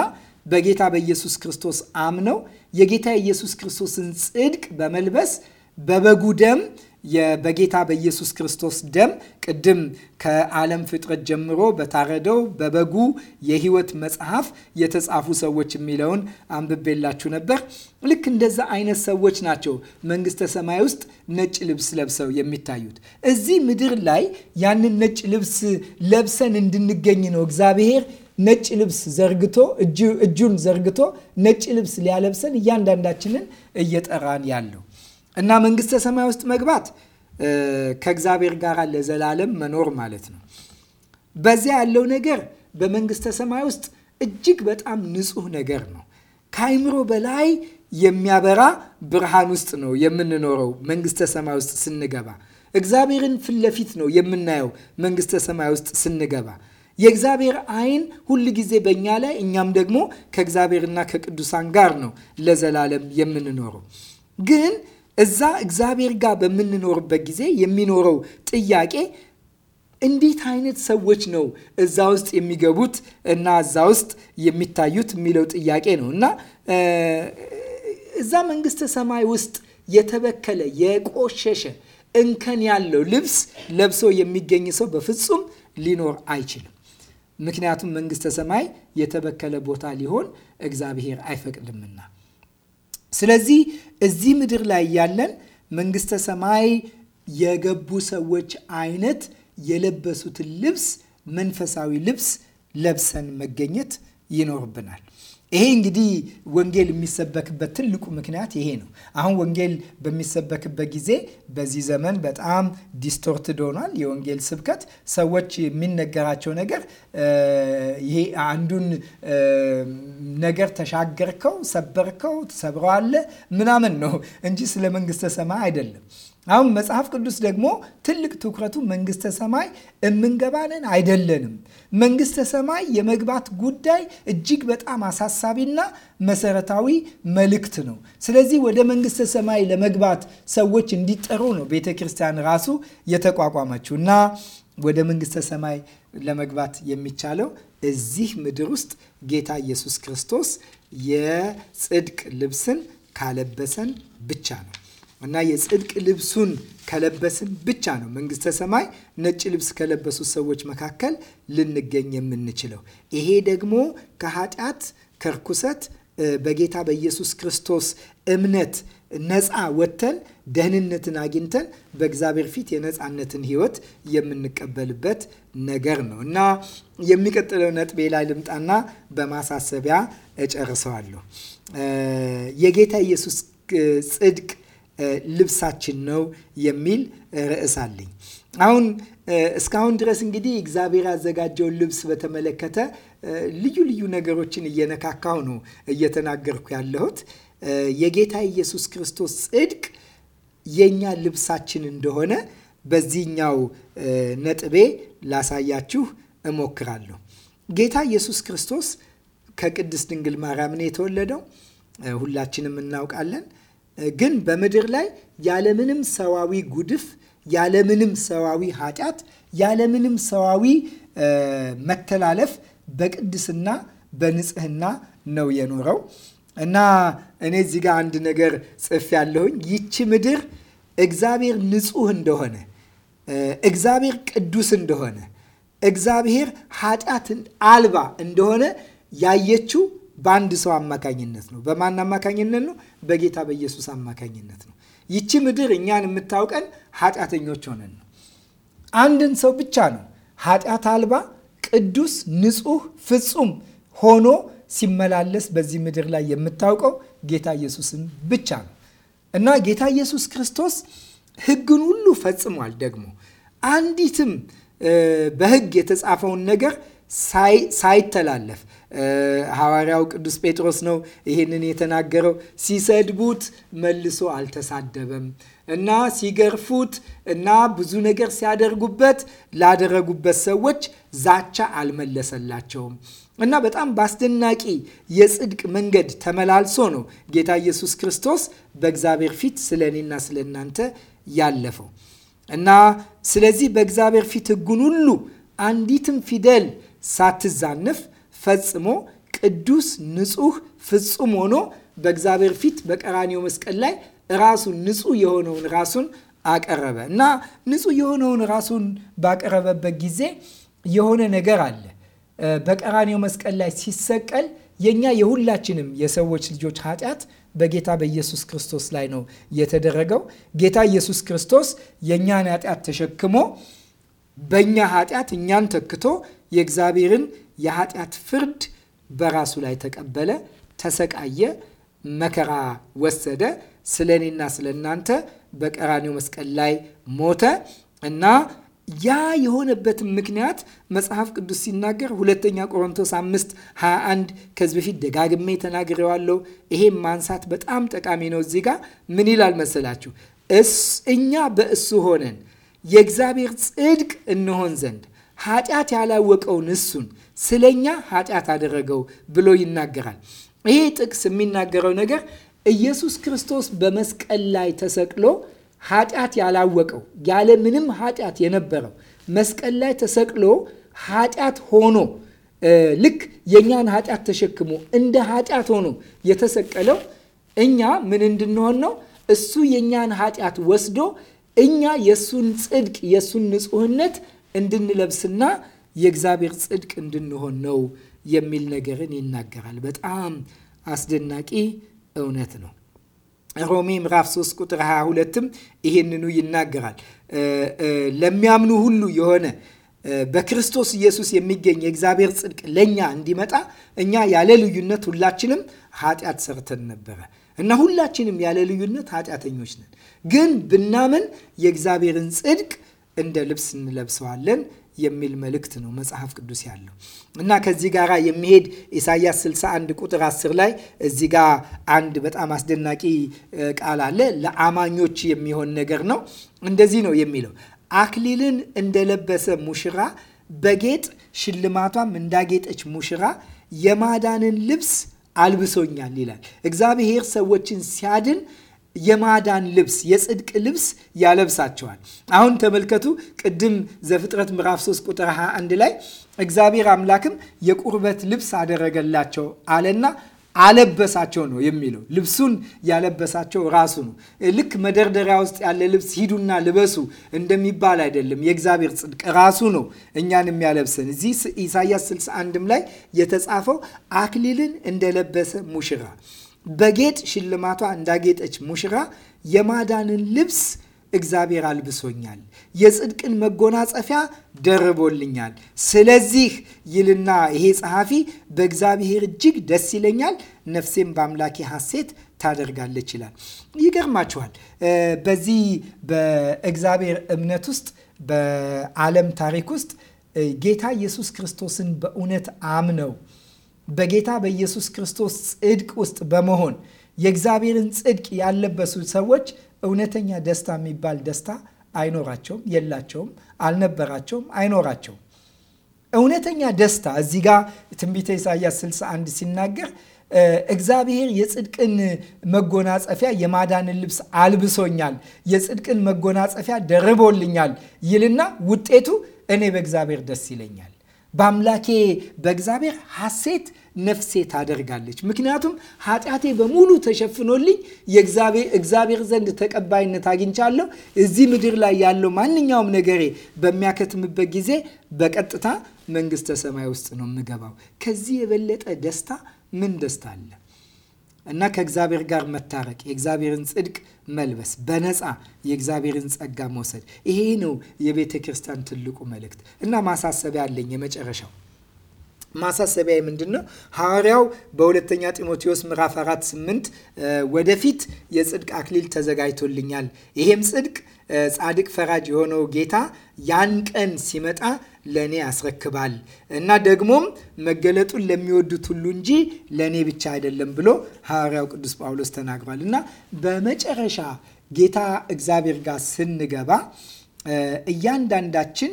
በጌታ በኢየሱስ ክርስቶስ አምነው የጌታ ኢየሱስ ክርስቶስን ጽድቅ በመልበስ በበጉ ደም በጌታ በኢየሱስ ክርስቶስ ደም ቅድም ከዓለም ፍጥረት ጀምሮ በታረደው በበጉ የሕይወት መጽሐፍ የተጻፉ ሰዎች የሚለውን አንብቤላችሁ ነበር። ልክ እንደዛ አይነት ሰዎች ናቸው መንግስተ ሰማይ ውስጥ ነጭ ልብስ ለብሰው የሚታዩት። እዚህ ምድር ላይ ያንን ነጭ ልብስ ለብሰን እንድንገኝ ነው እግዚአብሔር ነጭ ልብስ ዘርግቶ እጁን ዘርግቶ ነጭ ልብስ ሊያለብሰን እያንዳንዳችንን እየጠራን ያለው እና መንግስተ ሰማይ ውስጥ መግባት ከእግዚአብሔር ጋር ለዘላለም መኖር ማለት ነው። በዚያ ያለው ነገር በመንግስተ ሰማይ ውስጥ እጅግ በጣም ንጹህ ነገር ነው። ከአይምሮ በላይ የሚያበራ ብርሃን ውስጥ ነው የምንኖረው። መንግስተ ሰማይ ውስጥ ስንገባ እግዚአብሔርን ፊት ለፊት ነው የምናየው። መንግስተ ሰማይ ውስጥ ስንገባ የእግዚአብሔር አይን ሁል ጊዜ በእኛ ላይ እኛም ደግሞ ከእግዚአብሔርና ከቅዱሳን ጋር ነው ለዘላለም የምንኖረው። ግን እዛ እግዚአብሔር ጋር በምንኖርበት ጊዜ የሚኖረው ጥያቄ እንዴት አይነት ሰዎች ነው እዛ ውስጥ የሚገቡት እና እዛ ውስጥ የሚታዩት የሚለው ጥያቄ ነው እና እዛ መንግስተ ሰማይ ውስጥ የተበከለ የቆሸሸ እንከን ያለው ልብስ ለብሶ የሚገኝ ሰው በፍጹም ሊኖር አይችልም። ምክንያቱም መንግስተ ሰማይ የተበከለ ቦታ ሊሆን እግዚአብሔር አይፈቅድምና። ስለዚህ እዚህ ምድር ላይ ያለን መንግስተ ሰማይ የገቡ ሰዎች አይነት የለበሱትን ልብስ መንፈሳዊ ልብስ ለብሰን መገኘት ይኖርብናል። ይሄ እንግዲህ ወንጌል የሚሰበክበት ትልቁ ምክንያት ይሄ ነው። አሁን ወንጌል በሚሰበክበት ጊዜ በዚህ ዘመን በጣም ዲስቶርትድ ሆኗል የወንጌል ስብከት። ሰዎች የሚነገራቸው ነገር ይሄ አንዱን ነገር ተሻገርከው፣ ሰበርከው፣ ሰብረዋለ ምናምን ነው እንጂ ስለ መንግስተ ሰማይ አይደለም። አሁን መጽሐፍ ቅዱስ ደግሞ ትልቅ ትኩረቱ መንግስተ ሰማይ እምንገባንን አይደለንም። መንግስተ ሰማይ የመግባት ጉዳይ እጅግ በጣም አሳሳቢና መሰረታዊ መልእክት ነው። ስለዚህ ወደ መንግስተ ሰማይ ለመግባት ሰዎች እንዲጠሩ ነው ቤተ ክርስቲያን ራሱ የተቋቋመችው እና ወደ መንግስተ ሰማይ ለመግባት የሚቻለው እዚህ ምድር ውስጥ ጌታ ኢየሱስ ክርስቶስ የጽድቅ ልብስን ካለበሰን ብቻ ነው። እና የጽድቅ ልብሱን ከለበስን ብቻ ነው መንግስተ ሰማይ ነጭ ልብስ ከለበሱት ሰዎች መካከል ልንገኝ የምንችለው። ይሄ ደግሞ ከኃጢአት ከርኩሰት በጌታ በኢየሱስ ክርስቶስ እምነት ነፃ ወጥተን ደህንነትን አግኝተን በእግዚአብሔር ፊት የነፃነትን ህይወት የምንቀበልበት ነገር ነው እና የሚቀጥለው ነጥቤ ላይ ልምጣና በማሳሰቢያ እጨርሰዋለሁ። የጌታ ኢየሱስ ጽድቅ ልብሳችን ነው የሚል ርዕስ አለኝ። አሁን እስካሁን ድረስ እንግዲህ እግዚአብሔር ያዘጋጀውን ልብስ በተመለከተ ልዩ ልዩ ነገሮችን እየነካካው ነው እየተናገርኩ ያለሁት። የጌታ ኢየሱስ ክርስቶስ ጽድቅ የእኛ ልብሳችን እንደሆነ በዚህኛው ነጥቤ ላሳያችሁ እሞክራለሁ። ጌታ ኢየሱስ ክርስቶስ ከቅድስት ድንግል ማርያም ነው የተወለደው፣ ሁላችንም እናውቃለን። ግን በምድር ላይ ያለምንም ሰዋዊ ጉድፍ፣ ያለምንም ሰዋዊ ኃጢአት፣ ያለምንም ሰዋዊ መተላለፍ በቅድስና በንጽህና ነው የኖረው እና እኔ እዚህ ጋር አንድ ነገር ጽፍ ያለሁኝ ይቺ ምድር እግዚአብሔር ንጹህ እንደሆነ እግዚአብሔር ቅዱስ እንደሆነ እግዚአብሔር ኃጢአት አልባ እንደሆነ ያየችው በአንድ ሰው አማካኝነት ነው። በማን አማካኝነት ነው? በጌታ በኢየሱስ አማካኝነት ነው። ይቺ ምድር እኛን የምታውቀን ኃጢአተኞች ሆነን ነው። አንድን ሰው ብቻ ነው ኃጢአት አልባ ቅዱስ፣ ንጹህ፣ ፍጹም ሆኖ ሲመላለስ በዚህ ምድር ላይ የምታውቀው ጌታ ኢየሱስን ብቻ ነው እና ጌታ ኢየሱስ ክርስቶስ ሕግን ሁሉ ፈጽሟል። ደግሞ አንዲትም በሕግ የተጻፈውን ነገር ሳይተላለፍ ሐዋርያው ቅዱስ ጴጥሮስ ነው ይህንን የተናገረው። ሲሰድቡት መልሶ አልተሳደበም እና ሲገርፉት እና ብዙ ነገር ሲያደርጉበት ላደረጉበት ሰዎች ዛቻ አልመለሰላቸውም እና በጣም በአስደናቂ የጽድቅ መንገድ ተመላልሶ ነው ጌታ ኢየሱስ ክርስቶስ በእግዚአብሔር ፊት ስለ እኔና ስለ እናንተ ያለፈው እና ስለዚህ በእግዚአብሔር ፊት ሕጉን ሁሉ አንዲትም ፊደል ሳትዛነፍ ፈጽሞ ቅዱስ፣ ንጹህ፣ ፍጹም ሆኖ በእግዚአብሔር ፊት በቀራኒው መስቀል ላይ ራሱን ንጹህ የሆነውን ራሱን አቀረበ እና ንጹህ የሆነውን ራሱን ባቀረበበት ጊዜ የሆነ ነገር አለ። በቀራኒው መስቀል ላይ ሲሰቀል የእኛ የሁላችንም የሰዎች ልጆች ኃጢአት በጌታ በኢየሱስ ክርስቶስ ላይ ነው የተደረገው። ጌታ ኢየሱስ ክርስቶስ የእኛን ኃጢአት ተሸክሞ በእኛ ኃጢአት እኛን ተክቶ የእግዚአብሔርን የኃጢአት ፍርድ በራሱ ላይ ተቀበለ፣ ተሰቃየ፣ መከራ ወሰደ። ስለ እኔና ስለ እናንተ በቀራኒው መስቀል ላይ ሞተ እና ያ የሆነበትን ምክንያት መጽሐፍ ቅዱስ ሲናገር ሁለተኛ ቆሮንቶስ 5 21 ከዚህ በፊት ደጋግሜ ተናግሬዋለሁ። ይሄም ማንሳት በጣም ጠቃሚ ነው። እዚህ ጋር ምን ይላል መሰላችሁ? እኛ በእሱ ሆነን የእግዚአብሔር ጽድቅ እንሆን ዘንድ ኃጢአት ያላወቀውን እሱን ስለኛ ኃጢአት አደረገው ብሎ ይናገራል። ይሄ ጥቅስ የሚናገረው ነገር ኢየሱስ ክርስቶስ በመስቀል ላይ ተሰቅሎ ኃጢአት ያላወቀው ያለ ምንም ኃጢአት የነበረው መስቀል ላይ ተሰቅሎ ኃጢአት ሆኖ ልክ የእኛን ኃጢአት ተሸክሞ እንደ ኃጢአት ሆኖ የተሰቀለው እኛ ምን እንድንሆን ነው? እሱ የእኛን ኃጢአት ወስዶ እኛ የእሱን ጽድቅ የእሱን ንጹህነት እንድንለብስና የእግዚአብሔር ጽድቅ እንድንሆን ነው የሚል ነገርን ይናገራል። በጣም አስደናቂ እውነት ነው። ሮሜ ምዕራፍ 3 ቁጥር 22ም ይሄንኑ ይናገራል። ለሚያምኑ ሁሉ የሆነ በክርስቶስ ኢየሱስ የሚገኝ የእግዚአብሔር ጽድቅ ለእኛ እንዲመጣ እኛ ያለ ልዩነት ሁላችንም ኃጢአት ሰርተን ነበረ እና ሁላችንም ያለ ልዩነት ኃጢአተኞች ነን። ግን ብናምን የእግዚአብሔርን ጽድቅ እንደ ልብስ እንለብሰዋለን የሚል መልእክት ነው መጽሐፍ ቅዱስ ያለው እና ከዚህ ጋር የሚሄድ ኢሳያስ 61 ቁጥር 10 ላይ እዚህ ጋር አንድ በጣም አስደናቂ ቃል አለ። ለአማኞች የሚሆን ነገር ነው። እንደዚህ ነው የሚለው አክሊልን እንደለበሰ ሙሽራ በጌጥ ሽልማቷም እንዳጌጠች ሙሽራ የማዳንን ልብስ አልብሶኛል ይላል። እግዚአብሔር ሰዎችን ሲያድን የማዳን ልብስ የጽድቅ ልብስ ያለብሳቸዋል። አሁን ተመልከቱ። ቅድም ዘፍጥረት ምዕራፍ 3 ቁጥር 21 ላይ እግዚአብሔር አምላክም የቁርበት ልብስ አደረገላቸው አለና አለበሳቸው ነው የሚለው። ልብሱን ያለበሳቸው ራሱ ነው። ልክ መደርደሪያ ውስጥ ያለ ልብስ ሂዱና ልበሱ እንደሚባል አይደለም። የእግዚአብሔር ጽድቅ ራሱ ነው እኛን የሚያለብሰን። እዚህ ኢሳያስ 61ም ላይ የተጻፈው አክሊልን እንደለበሰ ሙሽራ በጌጥ ሽልማቷ እንዳጌጠች ሙሽራ የማዳንን ልብስ እግዚአብሔር አልብሶኛል፣ የጽድቅን መጎናጸፊያ ደርቦልኛል። ስለዚህ ይልና ይሄ ጸሐፊ በእግዚአብሔር እጅግ ደስ ይለኛል፣ ነፍሴም በአምላኬ ሐሴት ታደርጋለች ይላል። ይገርማችኋል። በዚህ በእግዚአብሔር እምነት ውስጥ በዓለም ታሪክ ውስጥ ጌታ ኢየሱስ ክርስቶስን በእውነት አምነው በጌታ በኢየሱስ ክርስቶስ ጽድቅ ውስጥ በመሆን የእግዚአብሔርን ጽድቅ ያለበሱ ሰዎች እውነተኛ ደስታ የሚባል ደስታ አይኖራቸውም፣ የላቸውም፣ አልነበራቸውም፣ አይኖራቸውም። እውነተኛ ደስታ እዚህ ጋር ትንቢተ ኢሳያስ 61 ሲናገር እግዚአብሔር የጽድቅን መጎናጸፊያ የማዳንን ልብስ አልብሶኛል፣ የጽድቅን መጎናጸፊያ ደርቦልኛል ይልና ውጤቱ እኔ በእግዚአብሔር ደስ ይለኛል በአምላኬ በእግዚአብሔር ሐሴት ነፍሴ ታደርጋለች። ምክንያቱም ኃጢአቴ በሙሉ ተሸፍኖልኝ የእግዚአብሔር ዘንድ ተቀባይነት አግኝቻለሁ። እዚህ ምድር ላይ ያለው ማንኛውም ነገሬ በሚያከትምበት ጊዜ በቀጥታ መንግሥተ ሰማይ ውስጥ ነው የምገባው። ከዚህ የበለጠ ደስታ ምን ደስታ አለ? እና ከእግዚአብሔር ጋር መታረቅ፣ የእግዚአብሔርን ጽድቅ መልበስ፣ በነፃ የእግዚአብሔርን ጸጋ መውሰድ። ይሄ ነው የቤተ ክርስቲያን ትልቁ መልእክት እና ማሳሰቢያ አለኝ። የመጨረሻው ማሳሰቢያ ምንድን ነው? ሐዋርያው በሁለተኛ ጢሞቴዎስ ምዕራፍ 4 8 ወደፊት የጽድቅ አክሊል ተዘጋጅቶልኛል ይሄም ጽድቅ ጻድቅ ፈራጅ የሆነው ጌታ ያን ቀን ሲመጣ ለእኔ ያስረክባል እና ደግሞም መገለጡን ለሚወዱት ሁሉ እንጂ ለእኔ ብቻ አይደለም ብሎ ሐዋርያው ቅዱስ ጳውሎስ ተናግሯል። እና በመጨረሻ ጌታ እግዚአብሔር ጋር ስንገባ እያንዳንዳችን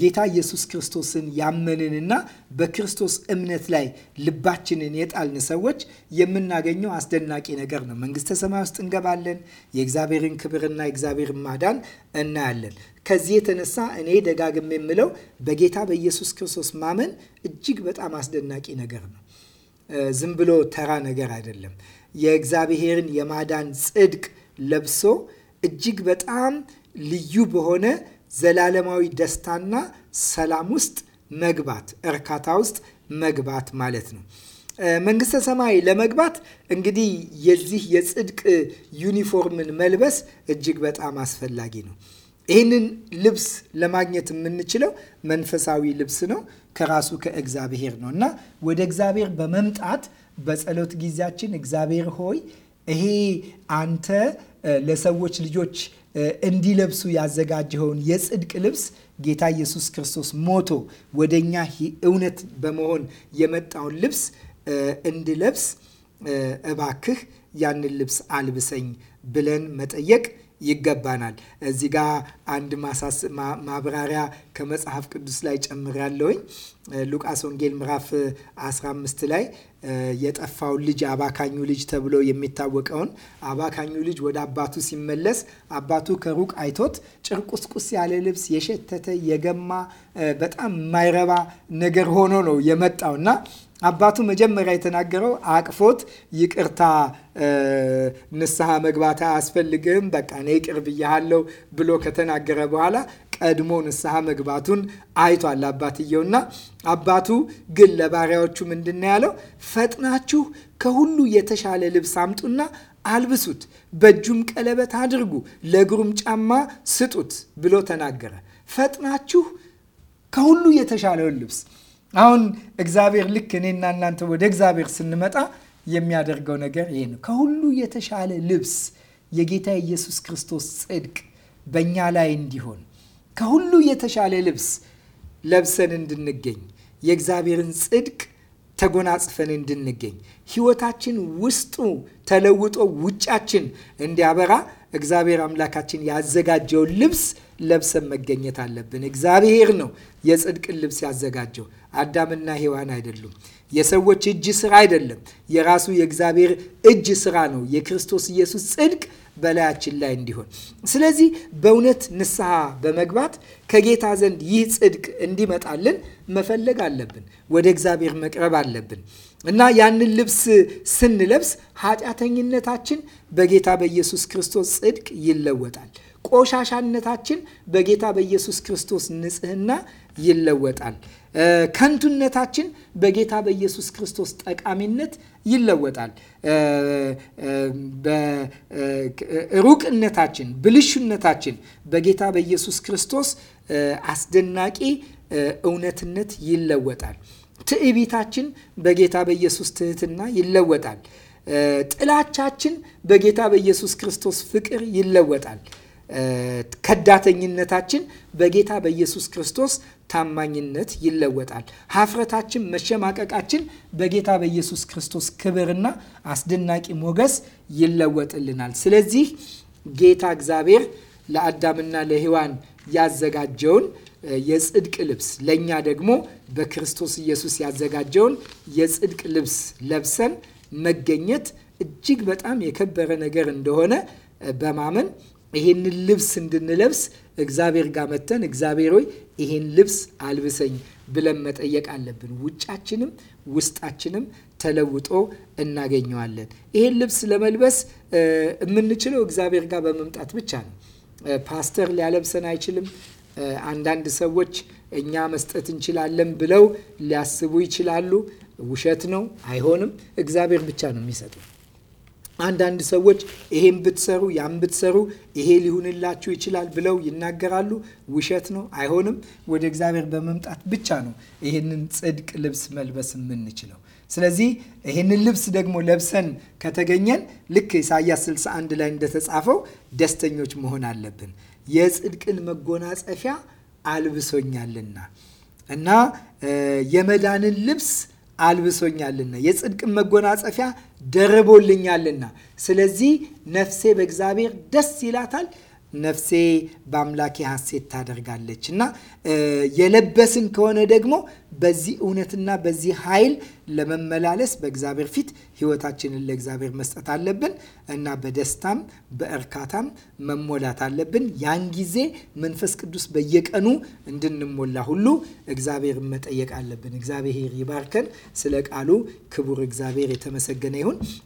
ጌታ ኢየሱስ ክርስቶስን ያመንንና በክርስቶስ እምነት ላይ ልባችንን የጣልን ሰዎች የምናገኘው አስደናቂ ነገር ነው። መንግስተ ሰማይ ውስጥ እንገባለን። የእግዚአብሔርን ክብርና የእግዚአብሔርን ማዳን እናያለን። ከዚህ የተነሳ እኔ ደጋግም የምለው በጌታ በኢየሱስ ክርስቶስ ማመን እጅግ በጣም አስደናቂ ነገር ነው። ዝም ብሎ ተራ ነገር አይደለም። የእግዚአብሔርን የማዳን ጽድቅ ለብሶ እጅግ በጣም ልዩ በሆነ ዘላለማዊ ደስታና ሰላም ውስጥ መግባት፣ እርካታ ውስጥ መግባት ማለት ነው። መንግስተ ሰማይ ለመግባት እንግዲህ የዚህ የጽድቅ ዩኒፎርምን መልበስ እጅግ በጣም አስፈላጊ ነው። ይህንን ልብስ ለማግኘት የምንችለው መንፈሳዊ ልብስ ነው፣ ከራሱ ከእግዚአብሔር ነው እና ወደ እግዚአብሔር በመምጣት በጸሎት ጊዜያችን እግዚአብሔር ሆይ ይሄ አንተ ለሰዎች ልጆች እንዲለብሱ ያዘጋጀኸውን የጽድቅ ልብስ ጌታ ኢየሱስ ክርስቶስ ሞቶ ወደ እኛ እውነት በመሆን የመጣውን ልብስ እንድለብስ እባክህ ያንን ልብስ አልብሰኝ ብለን መጠየቅ ይገባናል። እዚህ ጋ አንድ ማብራሪያ ከመጽሐፍ ቅዱስ ላይ ጨምሬያለሁኝ። ሉቃስ ወንጌል ምዕራፍ 15 ላይ የጠፋውን ልጅ አባካኙ ልጅ ተብሎ የሚታወቀውን አባካኙ ልጅ ወደ አባቱ ሲመለስ አባቱ ከሩቅ አይቶት ጭርቁስቁስ ያለ ልብስ፣ የሸተተ የገማ በጣም የማይረባ ነገር ሆኖ ነው የመጣውና አባቱ መጀመሪያ የተናገረው አቅፎት ይቅርታ ንስሐ መግባት አያስፈልግም፣ በቃ እኔ ይቅር ብያሃለው ብሎ ከተናገረ በኋላ ቀድሞ ንስሐ መግባቱን አይቷል አባትየውና። አባቱ ግን ለባሪያዎቹ ምንድን ነው ያለው? ፈጥናችሁ ከሁሉ የተሻለ ልብስ አምጡና አልብሱት፣ በእጁም ቀለበት አድርጉ፣ ለእግሩም ጫማ ስጡት ብሎ ተናገረ። ፈጥናችሁ ከሁሉ የተሻለውን ልብስ አሁን እግዚአብሔር ልክ እኔና እናንተ ወደ እግዚአብሔር ስንመጣ የሚያደርገው ነገር ይሄ ነው። ከሁሉ የተሻለ ልብስ የጌታ ኢየሱስ ክርስቶስ ጽድቅ በእኛ ላይ እንዲሆን ከሁሉ የተሻለ ልብስ ለብሰን እንድንገኝ የእግዚአብሔርን ጽድቅ ተጎናጽፈን እንድንገኝ ህይወታችን ውስጡ ተለውጦ ውጫችን እንዲያበራ እግዚአብሔር አምላካችን ያዘጋጀው ልብስ ለብሰን መገኘት አለብን። እግዚአብሔር ነው የጽድቅን ልብስ ያዘጋጀው፣ አዳምና ሔዋን አይደሉም። የሰዎች እጅ ስራ አይደለም፣ የራሱ የእግዚአብሔር እጅ ስራ ነው። የክርስቶስ ኢየሱስ ጽድቅ በላያችን ላይ እንዲሆን። ስለዚህ በእውነት ንስሐ በመግባት ከጌታ ዘንድ ይህ ጽድቅ እንዲመጣልን መፈለግ አለብን። ወደ እግዚአብሔር መቅረብ አለብን እና ያንን ልብስ ስንለብስ ኃጢአተኝነታችን በጌታ በኢየሱስ ክርስቶስ ጽድቅ ይለወጣል። ቆሻሻነታችን በጌታ በኢየሱስ ክርስቶስ ንጽህና ይለወጣል። ከንቱነታችን በጌታ በኢየሱስ ክርስቶስ ጠቃሚነት ይለወጣል። ሩቅነታችን፣ ብልሹነታችን በጌታ በኢየሱስ ክርስቶስ አስደናቂ እውነትነት ይለወጣል። ትዕቢታችን በጌታ በኢየሱስ ትህትና ይለወጣል። ጥላቻችን በጌታ በኢየሱስ ክርስቶስ ፍቅር ይለወጣል። ከዳተኝነታችን በጌታ በኢየሱስ ክርስቶስ ታማኝነት ይለወጣል። ሀፍረታችን፣ መሸማቀቃችን በጌታ በኢየሱስ ክርስቶስ ክብርና አስደናቂ ሞገስ ይለወጥልናል። ስለዚህ ጌታ እግዚአብሔር ለአዳምና ለሔዋን ያዘጋጀውን የጽድቅ ልብስ ለእኛ ደግሞ በክርስቶስ ኢየሱስ ያዘጋጀውን የጽድቅ ልብስ ለብሰን መገኘት እጅግ በጣም የከበረ ነገር እንደሆነ በማመን ይሄንን ልብስ እንድንለብስ እግዚአብሔር ጋር መተን እግዚአብሔር ሆይ ይሄን ልብስ አልብሰኝ ብለን መጠየቅ አለብን። ውጫችንም ውስጣችንም ተለውጦ እናገኘዋለን። ይሄን ልብስ ለመልበስ የምንችለው እግዚአብሔር ጋር በመምጣት ብቻ ነው። ፓስተር ሊያለብሰን አይችልም። አንዳንድ ሰዎች እኛ መስጠት እንችላለን ብለው ሊያስቡ ይችላሉ። ውሸት ነው። አይሆንም። እግዚአብሔር ብቻ ነው የሚሰጠው። አንዳንድ ሰዎች ይሄን ብትሰሩ ያን ብትሰሩ ይሄ ሊሆንላችሁ ይችላል ብለው ይናገራሉ። ውሸት ነው፣ አይሆንም። ወደ እግዚአብሔር በመምጣት ብቻ ነው ይሄንን ጽድቅ ልብስ መልበስ የምንችለው። ስለዚህ ይህንን ልብስ ደግሞ ለብሰን ከተገኘን ልክ ኢሳያስ 61 ላይ እንደተጻፈው ደስተኞች መሆን አለብን። የጽድቅን መጎናጸፊያ አልብሶኛልና እና የመዳንን ልብስ አልብሶኛልና የጽድቅን መጎናጸፊያ ደርቦልኛልና፣ ስለዚህ ነፍሴ በእግዚአብሔር ደስ ይላታል፣ ነፍሴ በአምላኬ ሐሴት ታደርጋለች እና የለበስን ከሆነ ደግሞ በዚህ እውነትና በዚህ ኃይል ለመመላለስ በእግዚአብሔር ፊት ህይወታችንን ለእግዚአብሔር መስጠት አለብን እና በደስታም በእርካታም መሞላት አለብን። ያን ጊዜ መንፈስ ቅዱስ በየቀኑ እንድንሞላ ሁሉ እግዚአብሔር መጠየቅ አለብን። እግዚአብሔር ይባርከን። ስለ ቃሉ ክቡር እግዚአብሔር የተመሰገነ ይሁን።